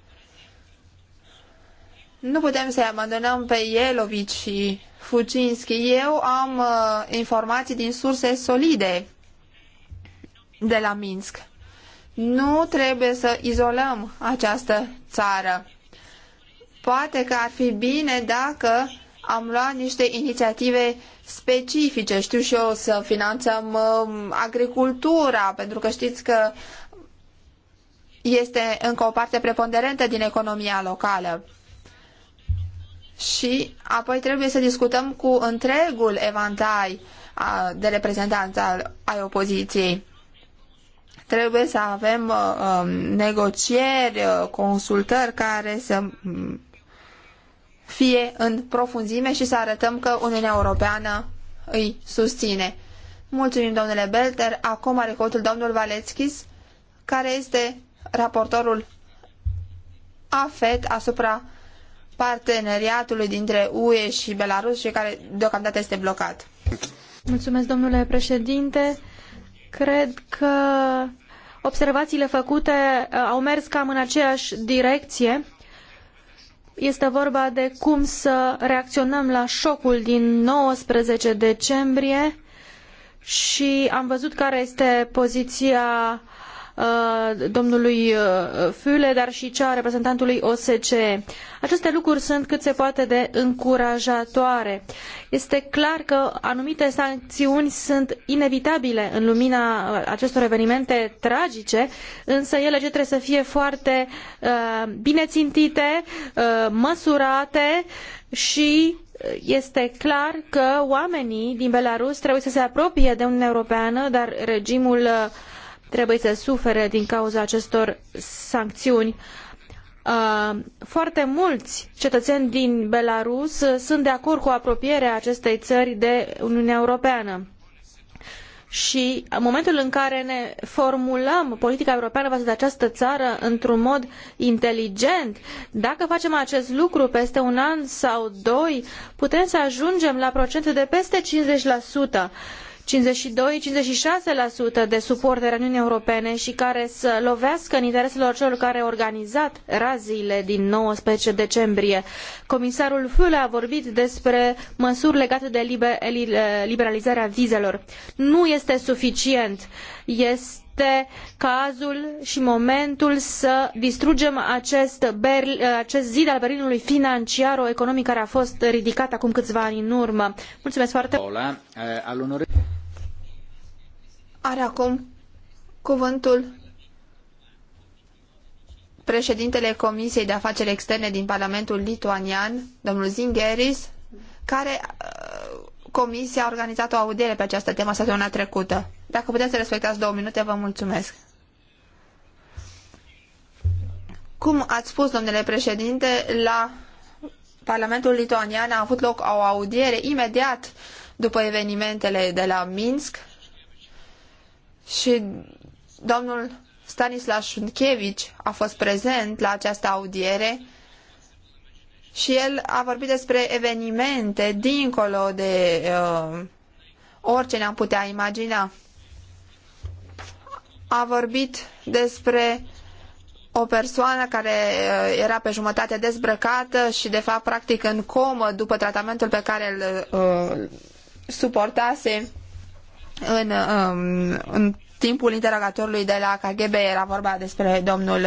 Nu putem să-i abandonăm pe Ielovici și Fucinski. Eu am uh, informații din surse solide de la Minsk. Nu trebuie să izolăm această țară. Poate că ar fi bine dacă am luat niște inițiative specifice, știu și eu, să finanțăm um, agricultura, pentru că știți că este încă o parte preponderentă din economia locală. Și apoi trebuie să discutăm cu întregul evantai de reprezentanți ai opoziției. Trebuie să avem uh, um, negocieri, uh, consultări care să fie în profunzime și să arătăm că Uniunea Europeană îi susține. Mulțumim, domnule Belter. Acum are cuvântul domnul Valețchis, care este raportorul AFET asupra parteneriatului dintre UE și Belarus și care deocamdată este blocat. Mulțumesc, domnule președinte. Cred că observațiile făcute uh, au mers cam în aceeași direcție este vorba de cum să reacționăm la șocul din 19 decembrie și am văzut care este poziția Uh, domnului uh, Füle, dar și cea a reprezentantului OSCE. Aceste lucruri sunt cât se poate de încurajatoare. Este clar că anumite sancțiuni sunt inevitabile în lumina uh, acestor evenimente tragice, însă ele trebuie să fie foarte uh, bine țintite, uh, măsurate și este clar că oamenii din Belarus trebuie să se apropie de Uniunea Europeană, dar regimul uh, trebuie să sufere din cauza acestor sancțiuni. Uh, foarte mulți cetățeni din Belarus sunt de acord cu apropierea acestei țări de Uniunea Europeană. Și în momentul în care ne formulăm politica europeană față de această țară într-un mod inteligent, dacă facem acest lucru peste un an sau doi, putem să ajungem la procente de peste 50% 52-56% de suporteri Uniunii Europene și care să lovească în interesele celor care au organizat raziile din 19 decembrie. Comisarul Füle a vorbit despre măsuri legate de eh, liberalizarea vizelor. Nu este suficient. Este cazul și momentul să distrugem acest, berl, eh, acest zid al Berlinului financiar, o care a fost ridicat acum câțiva ani în urmă. Mulțumesc foarte mult! Are acum cuvântul președintele Comisiei de Afaceri Externe din Parlamentul Lituanian, domnul Zingeris, care uh, Comisia a organizat o audiere pe această temă săptămâna trecută. Dacă puteți să respectați două minute, vă mulțumesc. Cum ați spus, domnule președinte, la Parlamentul Lituanian a avut loc o audiere imediat după evenimentele de la Minsk și domnul Stanislas Șuntchevici a fost prezent la această audiere și el a vorbit despre evenimente dincolo de uh, orice ne-am putea imagina. A vorbit despre o persoană care uh, era pe jumătate dezbrăcată și de fapt practic în comă după tratamentul pe care îl uh, suportase în, um, în timpul interogatorului de la KGB era vorba despre domnul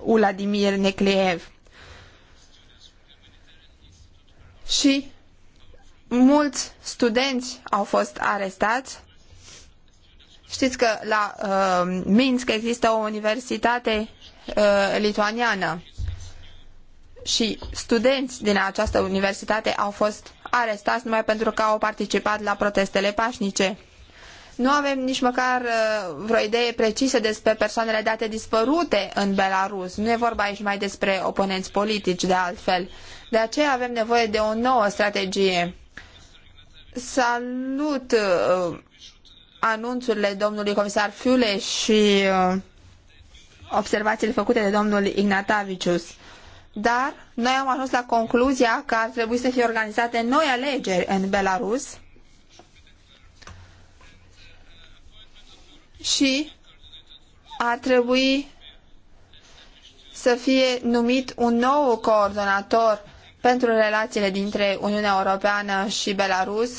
Uladimir uh, Necleev. Și mulți studenți au fost arestați. Știți că la uh, Minsk există o universitate uh, lituaniană și studenți din această universitate au fost arestați numai pentru că au participat la protestele pașnice. Nu avem nici măcar uh, vreo idee precisă despre persoanele date dispărute în Belarus. Nu e vorba aici mai despre oponenți politici, de altfel. De aceea avem nevoie de o nouă strategie. Salut uh, anunțurile domnului comisar Fiule și uh, observațiile făcute de domnul Ignatavicius dar noi am ajuns la concluzia că ar trebui să fie organizate noi alegeri în Belarus și ar trebui să fie numit un nou coordonator pentru relațiile dintre Uniunea Europeană și Belarus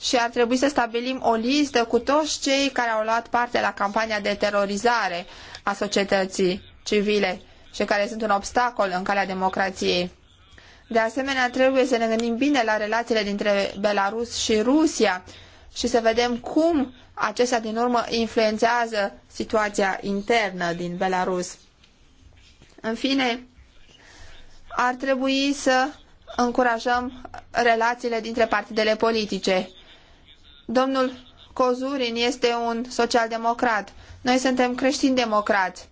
și ar trebui să stabilim o listă cu toți cei care au luat parte la campania de terorizare a societății civile și care sunt un obstacol în calea democrației. De asemenea, trebuie să ne gândim bine la relațiile dintre Belarus și Rusia și să vedem cum acestea din urmă influențează situația internă din Belarus. În fine, ar trebui să încurajăm relațiile dintre partidele politice. Domnul Cozurin este un social-democrat. Noi suntem creștini-democrați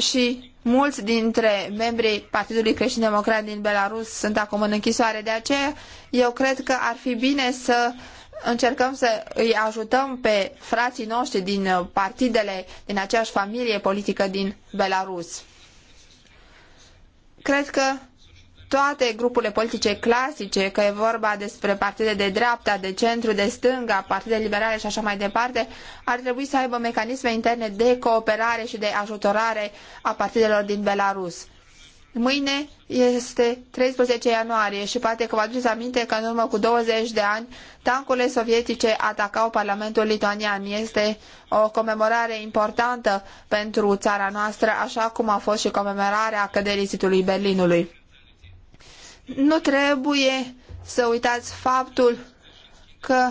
și mulți dintre membrii Partidului Creștin Democrat din Belarus sunt acum în închisoare. De aceea, eu cred că ar fi bine să încercăm să îi ajutăm pe frații noștri din partidele din aceeași familie politică din Belarus. Cred că toate grupurile politice clasice, că e vorba despre partide de dreapta, de centru, de stânga, partide liberale și așa mai departe, ar trebui să aibă mecanisme interne de cooperare și de ajutorare a partidelor din Belarus. Mâine este 13 ianuarie și poate că vă aduceți aminte că în urmă cu 20 de ani tancurile sovietice atacau Parlamentul lituanian. Este o comemorare importantă pentru țara noastră, așa cum a fost și comemorarea căderii zidului Berlinului nu trebuie să uitați faptul că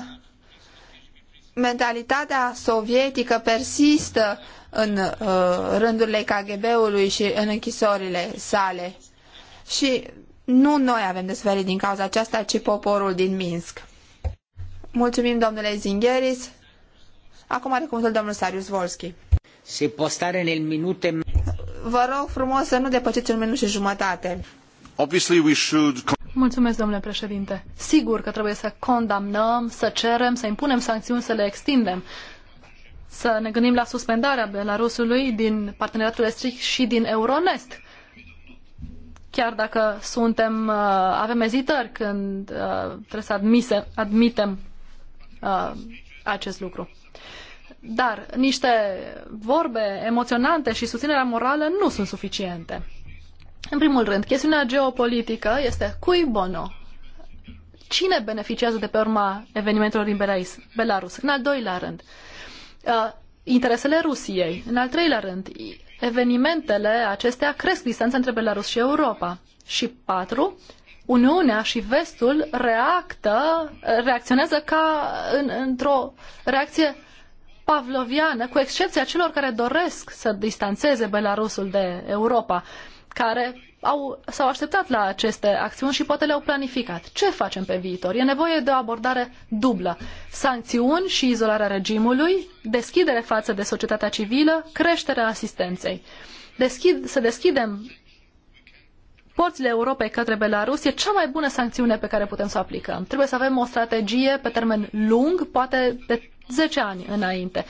mentalitatea sovietică persistă în uh, rândurile KGB-ului și în închisorile sale. Și nu noi avem de suferit din cauza aceasta, ci poporul din Minsk. Mulțumim, domnule Zingheris. Acum are cuvântul domnul Sarius Volski. Se postare în minute... Vă rog frumos să nu depășiți un minut și jumătate. Mulțumesc, domnule președinte. Sigur că trebuie să condamnăm, să cerem, să impunem sancțiuni, să le extindem. Să ne gândim la suspendarea Belarusului din parteneriatul estic și din Euronest. Chiar dacă suntem, uh, avem ezitări când uh, trebuie să admise, admitem uh, acest lucru. Dar niște vorbe emoționante și susținerea morală nu sunt suficiente în primul rând, chestiunea geopolitică este cui bono? Cine beneficiază de pe urma evenimentelor din Belarus? În al doilea rând, uh, interesele Rusiei. În al treilea rând, evenimentele acestea cresc distanța între Belarus și Europa. Și patru, Uniunea și Vestul reactă, reacționează ca în, într-o reacție pavloviană, cu excepția celor care doresc să distanțeze Belarusul de Europa. Uh, care au, s-au așteptat la aceste acțiuni și poate le-au planificat. Ce facem pe viitor? E nevoie de o abordare dublă. Sancțiuni și izolarea regimului, deschidere față de societatea civilă, creșterea asistenței. Deschid, să deschidem porțile Europei către Belarus e cea mai bună sancțiune pe care putem să o aplicăm. Trebuie să avem o strategie pe termen lung, poate de 10 ani înainte.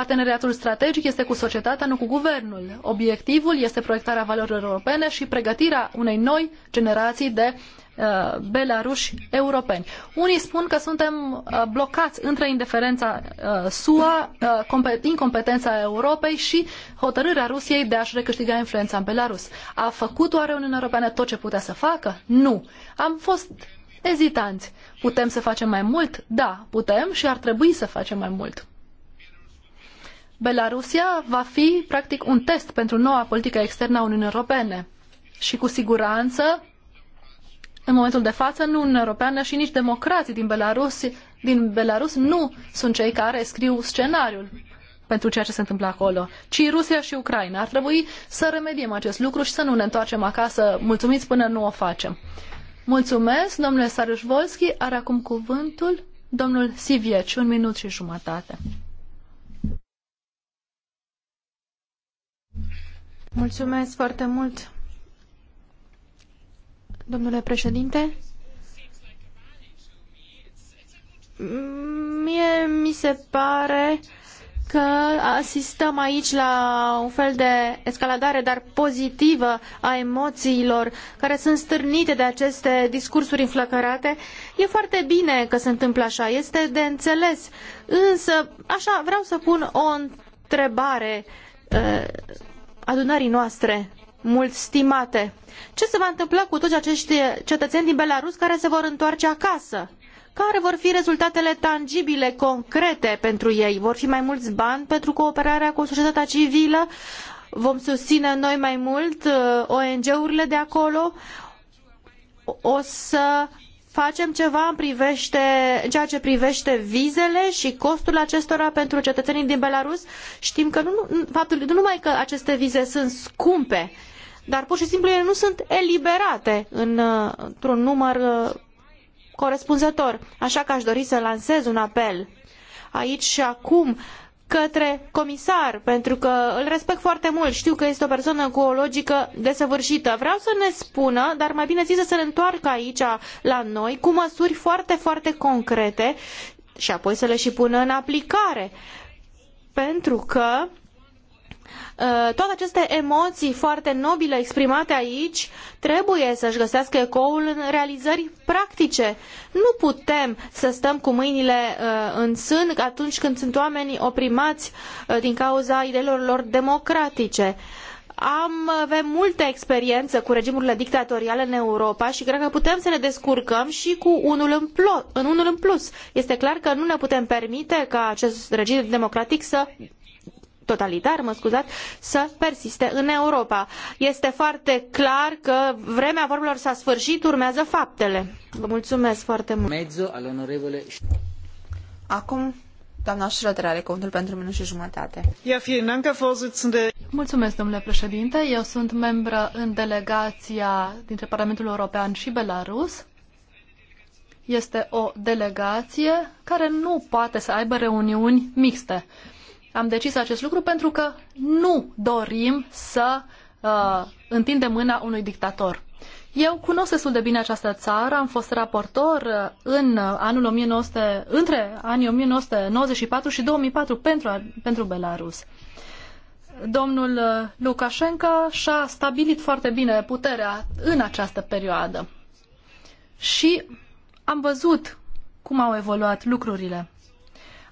Parteneriatul strategic este cu societatea, nu cu guvernul. Obiectivul este proiectarea valorilor europene și pregătirea unei noi generații de uh, belaruși europeni. Unii spun că suntem uh, blocați între indiferența uh, SUA, uh, incompetența Europei și hotărârea Rusiei de a-și recâștiga influența în Belarus. A făcut oare Uniunea Europeană tot ce putea să facă? Nu. Am fost ezitanți. Putem să facem mai mult? Da, putem și ar trebui să facem mai mult. Belarusia va fi practic un test pentru noua politică externă a Uniunii Europene. Și cu siguranță, în momentul de față, nu Uniunea Europeană și nici democrații din Belarus, din Belarus nu sunt cei care scriu scenariul pentru ceea ce se întâmplă acolo, ci Rusia și Ucraina. Ar trebui să remediem acest lucru și să nu ne întoarcem acasă mulțumiți până nu o facem. Mulțumesc, domnule Saruș Are acum cuvântul domnul Sivieci, un minut și jumătate. Mulțumesc foarte mult, domnule președinte. Mie mi se pare că asistăm aici la un fel de escaladare, dar pozitivă, a emoțiilor care sunt stârnite de aceste discursuri înflăcărate. E foarte bine că se întâmplă așa, este de înțeles. Însă, așa, vreau să pun o întrebare. Uh, adunării noastre, mult stimate. Ce se va întâmpla cu toți acești cetățeni din Belarus care se vor întoarce acasă? Care vor fi rezultatele tangibile, concrete pentru ei? Vor fi mai mulți bani pentru cooperarea cu societatea civilă? Vom susține noi mai mult uh, ONG-urile de acolo? O să facem ceva în, privește, în ceea ce privește vizele și costul acestora pentru cetățenii din Belarus? Știm că nu, faptul, nu numai că aceste vize sunt scumpe, dar pur și simplu ele nu sunt eliberate în, uh, într-un număr uh, corespunzător. Așa că aș dori să lansez un apel aici și acum către comisar, pentru că îl respect foarte mult, știu că este o persoană cu o logică desăvârșită. Vreau să ne spună, dar mai bine zis să se întoarcă aici la noi cu măsuri foarte, foarte concrete și apoi să le și pună în aplicare. Pentru că Uh, toate aceste emoții foarte nobile exprimate aici trebuie să-și găsească ecoul în realizări practice. Nu putem să stăm cu mâinile uh, în sân atunci când sunt oamenii oprimați uh, din cauza ideilor lor democratice. Am, avem multă experiență cu regimurile dictatoriale în Europa și cred că putem să ne descurcăm și cu unul în, plo, în unul în plus. Este clar că nu ne putem permite ca acest regim democratic să totalitar, mă scuzați, să persiste în Europa. Este foarte clar că vremea vorbilor s-a sfârșit, urmează faptele. Vă mulțumesc foarte mult. Mezzo al onorevole... Acum, doamna Schröder are contul pentru minut și jumătate. Ja, vielen Dank, Herr Vorsitzende. Mulțumesc, domnule președinte. Eu sunt membră în delegația dintre Parlamentul European și Belarus. Este o delegație care nu poate să aibă reuniuni mixte. Am decis acest lucru pentru că nu dorim să uh, întindem mâna unui dictator. Eu cunosc destul de bine această țară, am fost raportor uh, în anul 1900, între anii 1994 și 2004 pentru, pentru Belarus. Domnul uh, Lukashenko și-a stabilit foarte bine puterea în această perioadă. Și am văzut cum au evoluat lucrurile.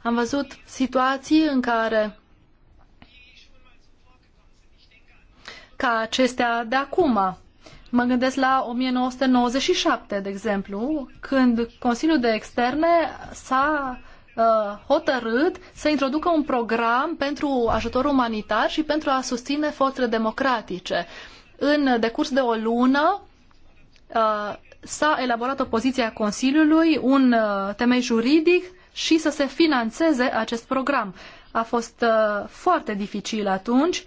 Am văzut situații în care ca acestea de acum. Mă gândesc la 1997, de exemplu, când Consiliul de Externe s-a uh, hotărât să introducă un program pentru ajutor umanitar și pentru a susține forțele democratice. În decurs de o lună uh, s-a elaborat o poziție a Consiliului, un uh, temei juridic și să se financeze acest program. A fost uh, foarte dificil atunci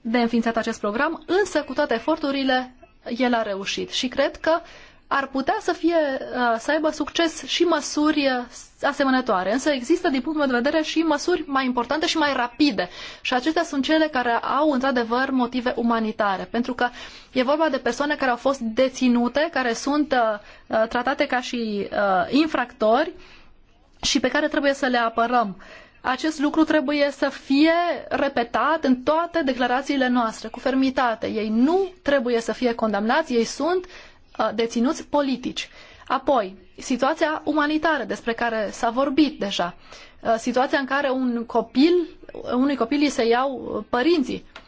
de înființat acest program, însă cu toate eforturile el a reușit și cred că ar putea să, fie, uh, să aibă succes și măsuri uh, asemănătoare, însă există din punctul meu de vedere și măsuri mai importante și mai rapide și acestea sunt cele care au într-adevăr motive umanitare, pentru că e vorba de persoane care au fost deținute, care sunt uh, uh tratate ca și uh, infractori, și pe care trebuie să le apărăm. Acest lucru trebuie să fie repetat în toate declarațiile noastre, cu fermitate. Ei nu trebuie să fie condamnați, ei sunt uh, deținuți politici. Apoi, situația umanitară despre care s-a vorbit deja. Uh, situația în care un copil, unui copil îi se iau uh, părinții. Uh,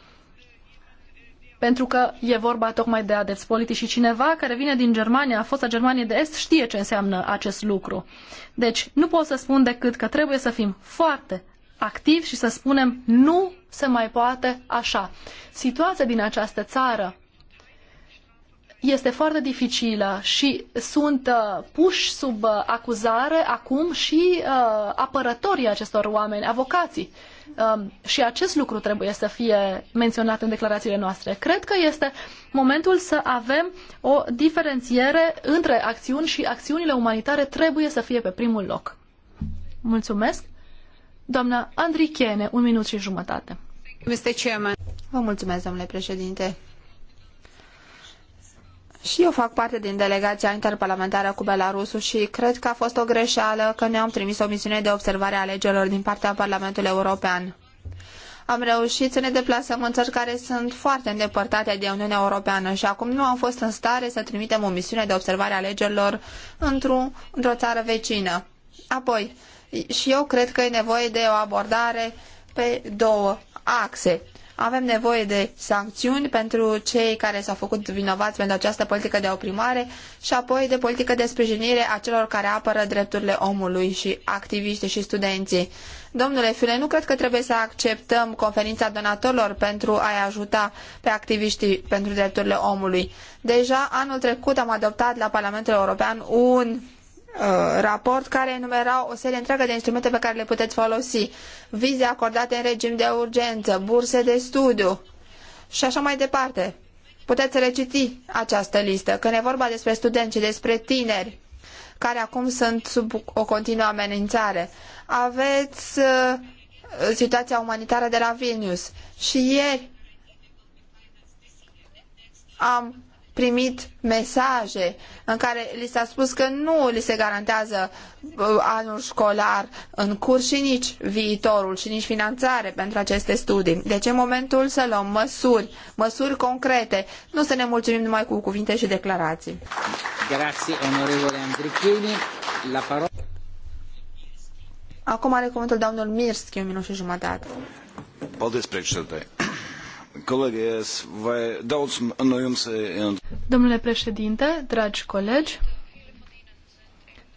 pentru că e vorba tocmai de adepți politici și cineva care vine din Germania, a fost a Germaniei de Est, știe ce înseamnă acest lucru. Deci nu pot să spun decât că trebuie să fim foarte activi și să spunem nu se mai poate așa. Situația din această țară este foarte dificilă și sunt uh, puși sub uh, acuzare acum și uh, apărătorii acestor oameni, avocații. Uh, Um, și acest lucru trebuie să fie menționat în declarațiile noastre. Cred că este momentul să avem o diferențiere între acțiuni și acțiunile umanitare trebuie să fie pe primul loc. Mulțumesc. Doamna Andrichene, un minut și jumătate. Vă mulțumesc, domnule președinte. Și eu fac parte din delegația interparlamentară cu Belarusul și cred că a fost o greșeală că ne-am trimis o misiune de observare a alegerilor din partea Parlamentului European. Am reușit să ne deplasăm în țări care sunt foarte îndepărtate de Uniunea Europeană și acum nu am fost în stare să trimitem o misiune de observare a alegerilor într-o într țară vecină. Apoi, și eu cred că e nevoie de o abordare pe două axe. Avem nevoie de sancțiuni pentru cei care s-au făcut vinovați pentru această politică de oprimare și apoi de politică de sprijinire a celor care apără drepturile omului și activiștii și studenții. Domnule Fiule, nu cred că trebuie să acceptăm conferința donatorilor pentru a-i ajuta pe activiștii pentru drepturile omului. Deja anul trecut am adoptat la Parlamentul European un Uh, raport care enumera o serie întreagă de instrumente pe care le puteți folosi. Vize acordate în regim de urgență, burse de studiu și așa mai departe. Puteți reciti această listă. Când e vorba despre studenți și despre tineri care acum sunt sub o continuă amenințare, aveți uh, situația umanitară de la Vilnius. Și ieri am primit mesaje în care li s-a spus că nu li se garantează uh, anul școlar în curs și nici viitorul și nici finanțare pentru aceste studii. Deci e momentul să luăm măsuri, măsuri concrete, nu să ne mulțumim numai cu cuvinte și declarații. Grazie, onorevole Andrichini. La parola... Acum are cuvântul domnul Mirski, un minut și jumătate. Paldies, președinte. Domnule președinte, dragi colegi,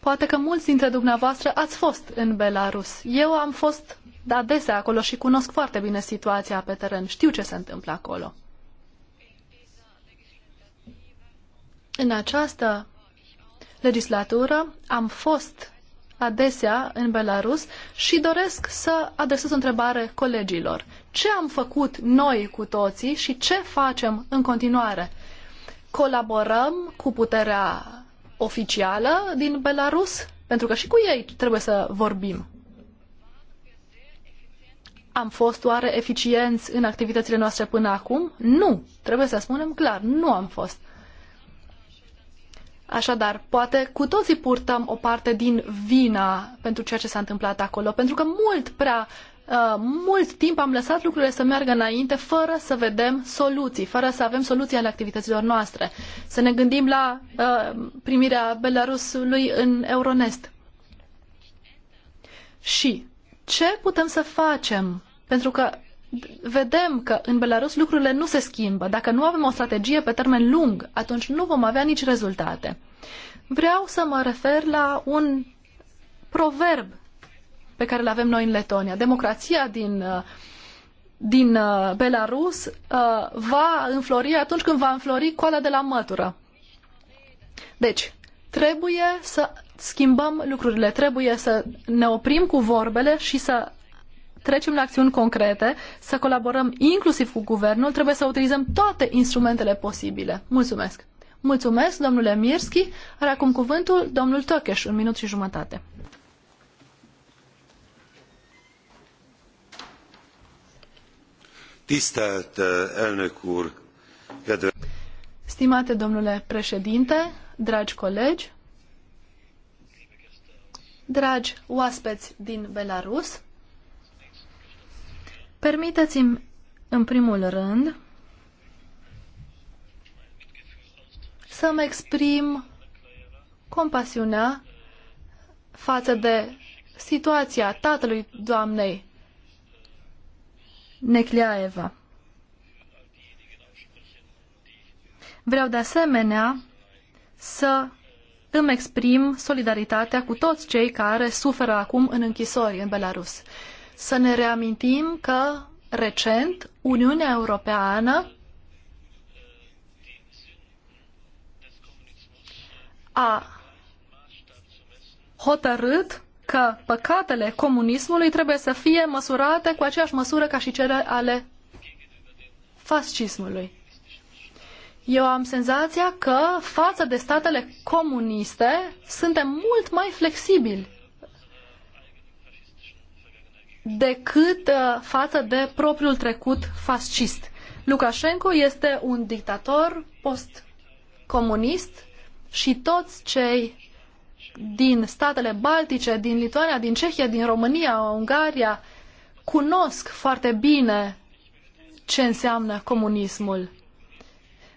poate că mulți dintre dumneavoastră ați fost în Belarus. Eu am fost adesea acolo și cunosc foarte bine situația pe teren. Știu ce se întâmplă acolo. În această legislatură am fost adesea în Belarus și doresc să adresez o întrebare colegilor ce am făcut noi cu toții și ce facem în continuare. Colaborăm cu puterea oficială din Belarus, pentru că și cu ei trebuie să vorbim. Am fost oare eficienți în activitățile noastre până acum? Nu. Trebuie să spunem clar, nu am fost. Așadar, poate cu toții purtăm o parte din vina pentru ceea ce s-a întâmplat acolo, pentru că mult prea Uh, mult timp am lăsat lucrurile să meargă înainte fără să vedem soluții, fără să avem soluții ale activităților noastre. Să ne gândim la uh, primirea Belarusului în Euronest. Și ce putem să facem? Pentru că vedem că în Belarus lucrurile nu se schimbă. Dacă nu avem o strategie pe termen lung, atunci nu vom avea nici rezultate. Vreau să mă refer la un proverb pe care le avem noi în Letonia. Democrația din, uh, din uh, Belarus uh, va înflori atunci când va înflori coala de la mătură. Deci, trebuie să schimbăm lucrurile, trebuie să ne oprim cu vorbele și să trecem la acțiuni concrete, să colaborăm inclusiv cu guvernul, trebuie să utilizăm toate instrumentele posibile. Mulțumesc! Mulțumesc, domnule Mirski. Are acum cuvântul domnul Tocheș, un minut și jumătate. Tisztelt eh, elnök úr, Stimate domnule președinte, dragi colegi, dragi oaspeți din Belarus, permiteți-mi în primul rând să-mi exprim compasiunea față de situația tatălui doamnei Necleaeva. Vreau de asemenea să îmi exprim solidaritatea cu toți cei care suferă acum în închisori în Belarus. Să ne reamintim că recent Uniunea Europeană a hotărât că păcatele comunismului trebuie să fie măsurate cu aceeași măsură ca și cele ale fascismului. Eu am senzația că față de statele comuniste suntem mult mai flexibili decât uh, față de propriul trecut fascist. Lukashenko este un dictator post-comunist și toți cei din statele baltice, din Lituania, din Cehia, din România, Ungaria, cunosc foarte bine ce înseamnă comunismul.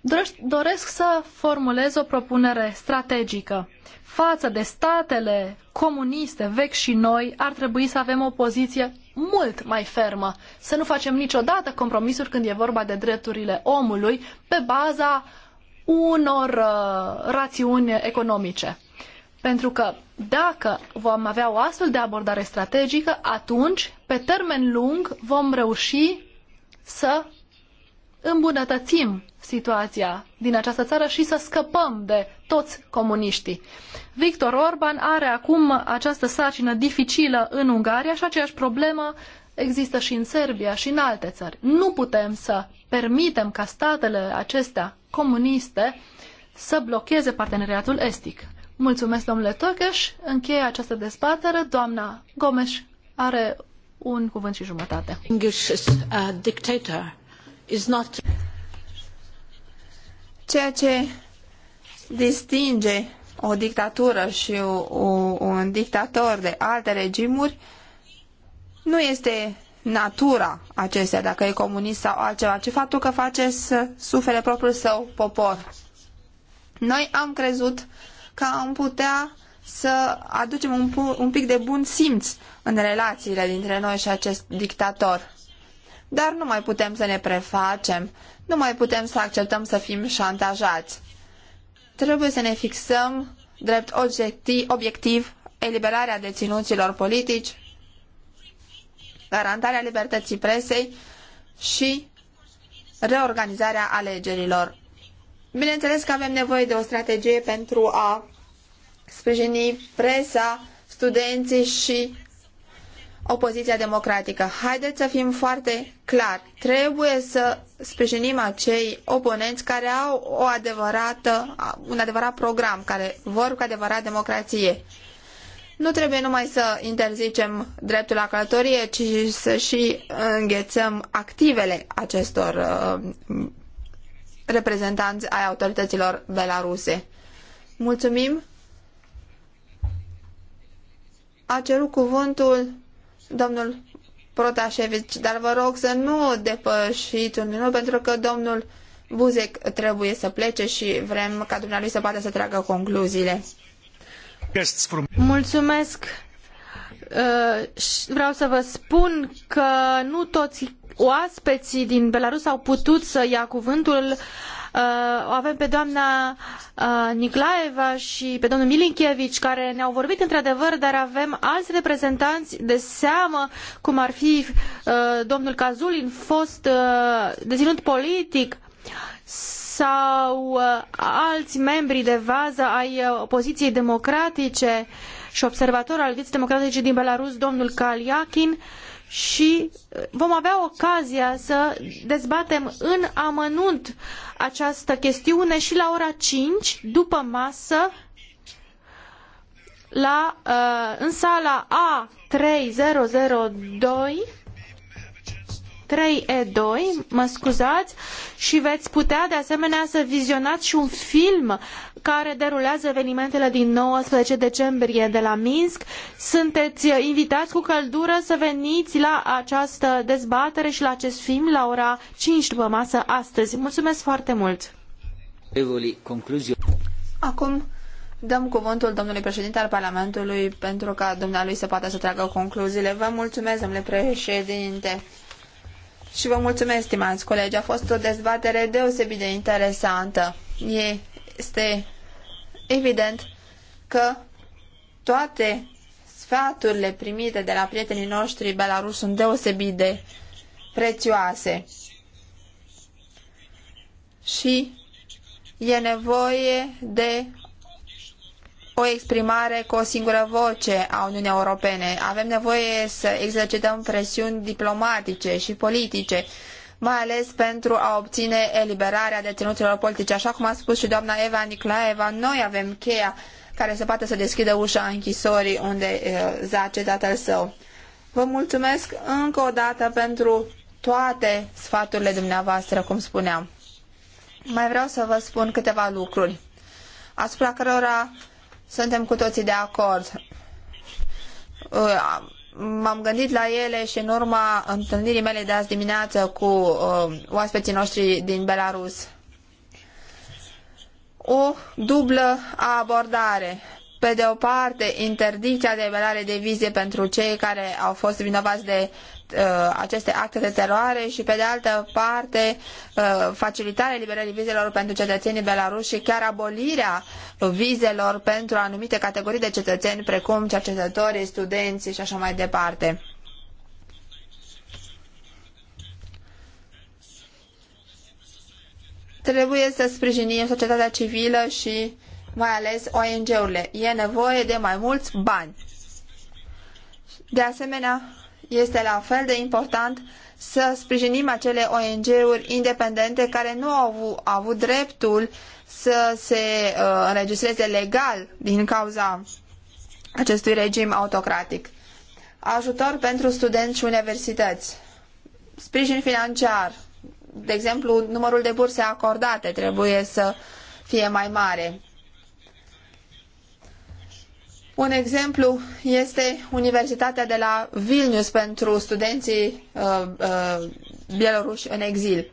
Doresc, doresc să formulez o propunere strategică. Față de statele comuniste vechi și noi, ar trebui să avem o poziție mult mai fermă, să nu facem niciodată compromisuri când e vorba de drepturile omului pe baza unor uh, rațiuni economice. Pentru că dacă vom avea o astfel de abordare strategică, atunci, pe termen lung, vom reuși să îmbunătățim situația din această țară și să scăpăm de toți comuniștii. Victor Orban are acum această sarcină dificilă în Ungaria și aceeași problemă există și în Serbia și în alte țări. Nu putem să permitem ca statele acestea comuniste să blocheze parteneriatul estic. Mulțumesc, domnule Tocăș. Încheie această dezbatere. Doamna Gomes are un cuvânt și jumătate. Uh, Ceea ce distinge o dictatură și o, o, un dictator de alte regimuri nu este natura acestea, dacă e comunist sau altceva, ci faptul că face să sufere propriul său popor. Noi am crezut că am putea să aducem un, un pic de bun simț în relațiile dintre noi și acest dictator. Dar nu mai putem să ne prefacem, nu mai putem să acceptăm să fim șantajați. Trebuie să ne fixăm drept obiectiv, obiectiv eliberarea deținuților politici, garantarea libertății presei și reorganizarea alegerilor Bineînțeles că avem nevoie de o strategie pentru a sprijini presa, studenții și opoziția democratică. Haideți să fim foarte clari. Trebuie să sprijinim acei oponenți care au o adevărată, un adevărat program, care vor cu adevărat democrație. Nu trebuie numai să interzicem dreptul la călătorie, ci să și înghețăm activele acestor uh, reprezentanți ai autorităților belaruse. Mulțumim! A cerut cuvântul domnul Protașevici, dar vă rog să nu depășiți un minut pentru că domnul Buzek trebuie să plece și vrem ca dumnealui să poată să tragă concluziile. Mulțumesc! Uh, vreau să vă spun că nu toți oaspeții din Belarus au putut să ia cuvântul. Uh, o avem pe doamna uh, Niclaeva și pe domnul Milinkevich care ne-au vorbit într-adevăr, dar avem alți reprezentanți de seamă, cum ar fi uh, domnul Cazulin, fost deținut politic sau alți membri de vază ai opoziției democratice și observator al vieții democratice din Belarus, domnul Kaliakin. Uh, și uh, vom avea ocazia să dezbatem în amănunt această chestiune și la ora 5 după masă la, uh, în sala A3002 3E2, mă scuzați, și veți putea de asemenea să vizionați și un film uh, care derulează evenimentele din 19 decembrie de la Minsk. Sunteți invitați cu căldură să veniți la această dezbatere și la acest film la ora 5 după masă astăzi. Mulțumesc foarte mult! Acum dăm cuvântul domnului președinte al Parlamentului pentru ca dumnealui să poată să tragă concluziile. Vă mulțumesc, domnule președinte! Și vă mulțumesc, stimați colegi. A fost o dezbatere deosebit de interesantă. E este evident că toate sfaturile primite de la prietenii noștri Belarus sunt deosebit de prețioase. Și e nevoie de o exprimare cu o singură voce a Uniunii Europene. Avem nevoie să exercităm presiuni diplomatice și politice mai ales pentru a obține eliberarea deținuților politici. Așa cum a spus și doamna Eva Niclaeva, noi avem cheia care se poate să deschidă ușa închisorii unde zace tatăl său. Vă mulțumesc încă o dată pentru toate sfaturile dumneavoastră, cum spuneam. Mai vreau să vă spun câteva lucruri, asupra cărora suntem cu toții de acord. Ă, m-am gândit la ele și în urma întâlnirii mele de azi dimineață cu uh, oaspeții noștri din Belarus. O dublă abordare. Pe de o parte, interdicția de eliberare de vize pentru cei care au fost vinovați de Uh, aceste acte de teroare și, pe de altă parte, uh, facilitarea eliberării vizelor pentru cetățenii belaruși și chiar abolirea vizelor pentru anumite categorii de cetățeni, precum cercetătorii, studenții și așa mai departe. Trebuie să sprijinim societatea civilă și mai ales ONG-urile. E nevoie de mai mulți bani. De asemenea, este la fel de important să sprijinim acele ONG-uri independente care nu au avut, au avut dreptul să se uh, înregistreze legal din cauza acestui regim autocratic. Ajutor pentru studenți și universități. Sprijin financiar. De exemplu, numărul de burse acordate trebuie să fie mai mare. Un exemplu este Universitatea de la Vilnius pentru studenții uh, uh, bieloruși în exil.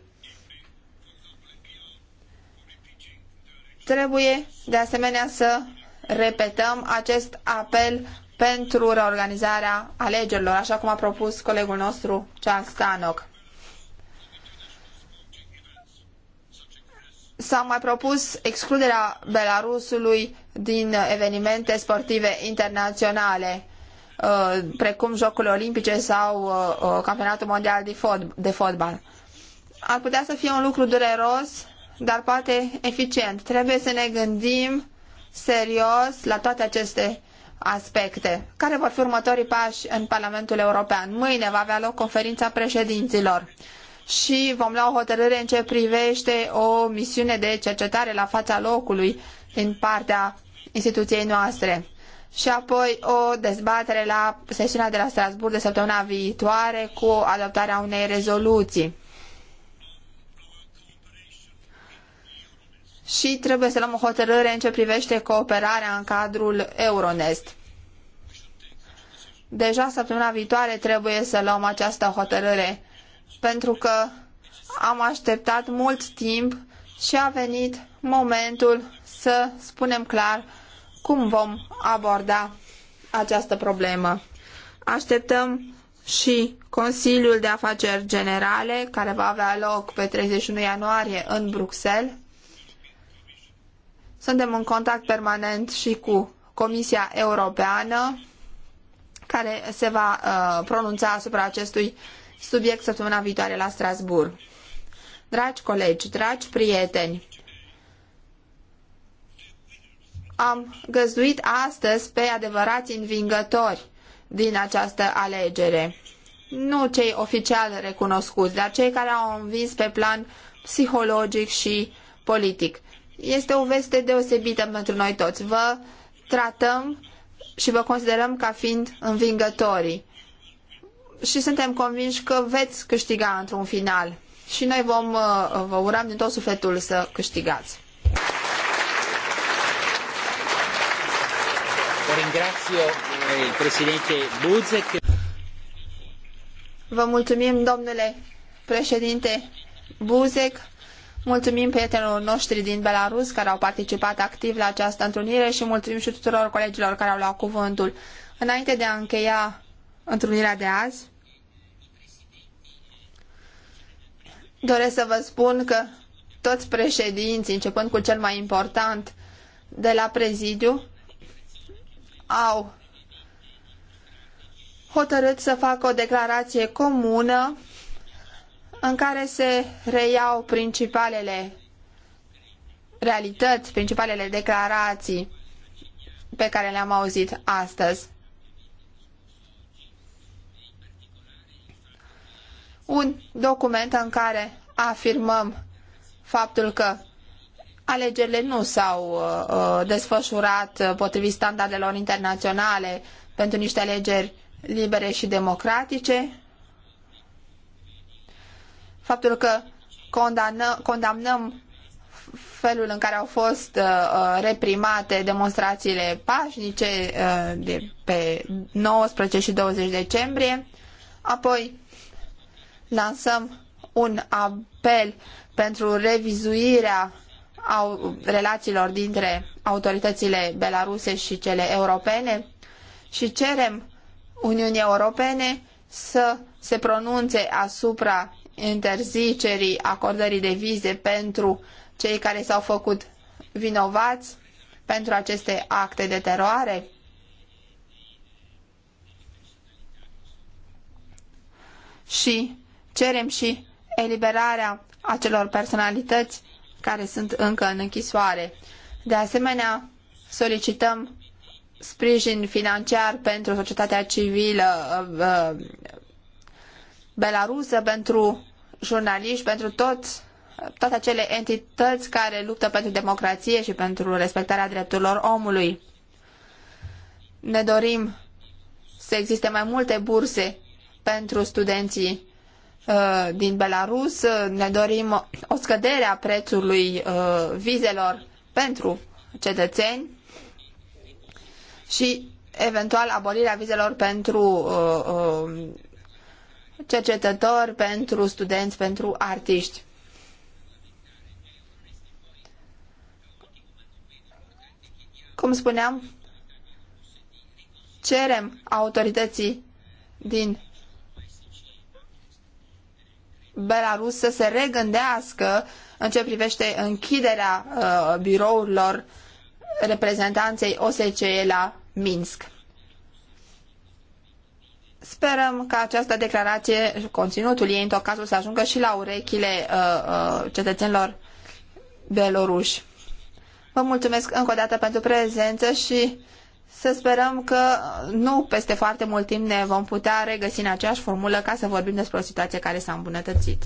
Trebuie de asemenea să repetăm acest apel pentru reorganizarea alegerilor, așa cum a propus colegul nostru Charles Stanock. S-a mai propus excluderea Belarusului din evenimente sportive internaționale, uh, precum Jocurile Olimpice sau uh, uh, Campionatul Mondial de Fotbal. Ar putea să fie un lucru dureros, dar poate eficient. Trebuie să ne gândim serios la toate aceste aspecte. Care vor fi următorii pași în Parlamentul European? Mâine va avea loc conferința președinților și vom lua o hotărâre în ce privește o misiune de cercetare la fața locului din partea instituției noastre. Și apoi o dezbatere la sesiunea de la Strasbourg de săptămâna viitoare cu adoptarea unei rezoluții. Și trebuie să luăm o hotărâre în ce privește cooperarea în cadrul Euronest. Deja săptămâna viitoare trebuie să luăm această hotărâre pentru că am așteptat mult timp și a venit momentul să spunem clar cum vom aborda această problemă. Așteptăm și Consiliul de Afaceri Generale, care va avea loc pe 31 ianuarie în Bruxelles. Suntem în contact permanent și cu Comisia Europeană, care se va uh, pronunța asupra acestui subiect săptămâna viitoare la Strasbourg. Dragi colegi, dragi prieteni, am găzduit astăzi pe adevărați învingători din această alegere. Nu cei oficial recunoscuți, dar cei care au învins pe plan psihologic și politic. Este o veste deosebită pentru noi toți. Vă tratăm și vă considerăm ca fiind învingătorii și suntem convinși că veți câștiga într-un final. Și noi vom, uh, vă urăm din tot sufletul să câștigați. Eh, vă mulțumim, domnule președinte Buzek. Mulțumim prietenilor noștri din Belarus care au participat activ la această întâlnire și mulțumim și tuturor colegilor care au luat cuvântul. Înainte de a încheia întrunirea de azi. Doresc să vă spun că toți președinții, începând cu cel mai important de la prezidiu, au hotărât să facă o declarație comună în care se reiau principalele realități, principalele declarații pe care le-am auzit astăzi. un document în care afirmăm faptul că alegerile nu s-au uh, uh desfășurat uh, potrivit standardelor internaționale pentru niște alegeri libere și democratice, faptul că condamnă, condamnăm felul în care au fost uh, uh reprimate demonstrațiile pașnice uh, de pe 19 și 20 decembrie, apoi lansăm un apel pentru revizuirea au, relațiilor dintre autoritățile belaruse și cele europene și cerem Uniunii Europene să se pronunțe asupra interzicerii acordării de vize pentru cei care s-au făcut vinovați pentru aceste acte de teroare? Și Cerem și eliberarea acelor personalități care sunt încă în închisoare. De asemenea, solicităm sprijin financiar pentru societatea civilă uh, uh, belarusă, pentru jurnaliști, pentru toți, toate acele entități care luptă pentru democrație și pentru respectarea drepturilor omului. Ne dorim să existe mai multe burse pentru studenții Uh, din Belarus, uh, ne dorim o scădere a prețului uh, vizelor pentru cetățeni și eventual abolirea vizelor pentru cercetători, pentru studenți, pentru artiști. Cum spuneam, cerem autorității din Belarus să se regândească în ce privește închiderea uh, birourilor reprezentanței OSCE la Minsk. Sperăm că această declarație, conținutul ei, în tot cazul, să ajungă și la urechile uh, uh, cetățenilor beloruși. Vă mulțumesc încă o dată pentru prezență și să sperăm că nu peste foarte mult timp ne vom putea regăsi în aceeași formulă ca să vorbim despre o situație care s-a îmbunătățit.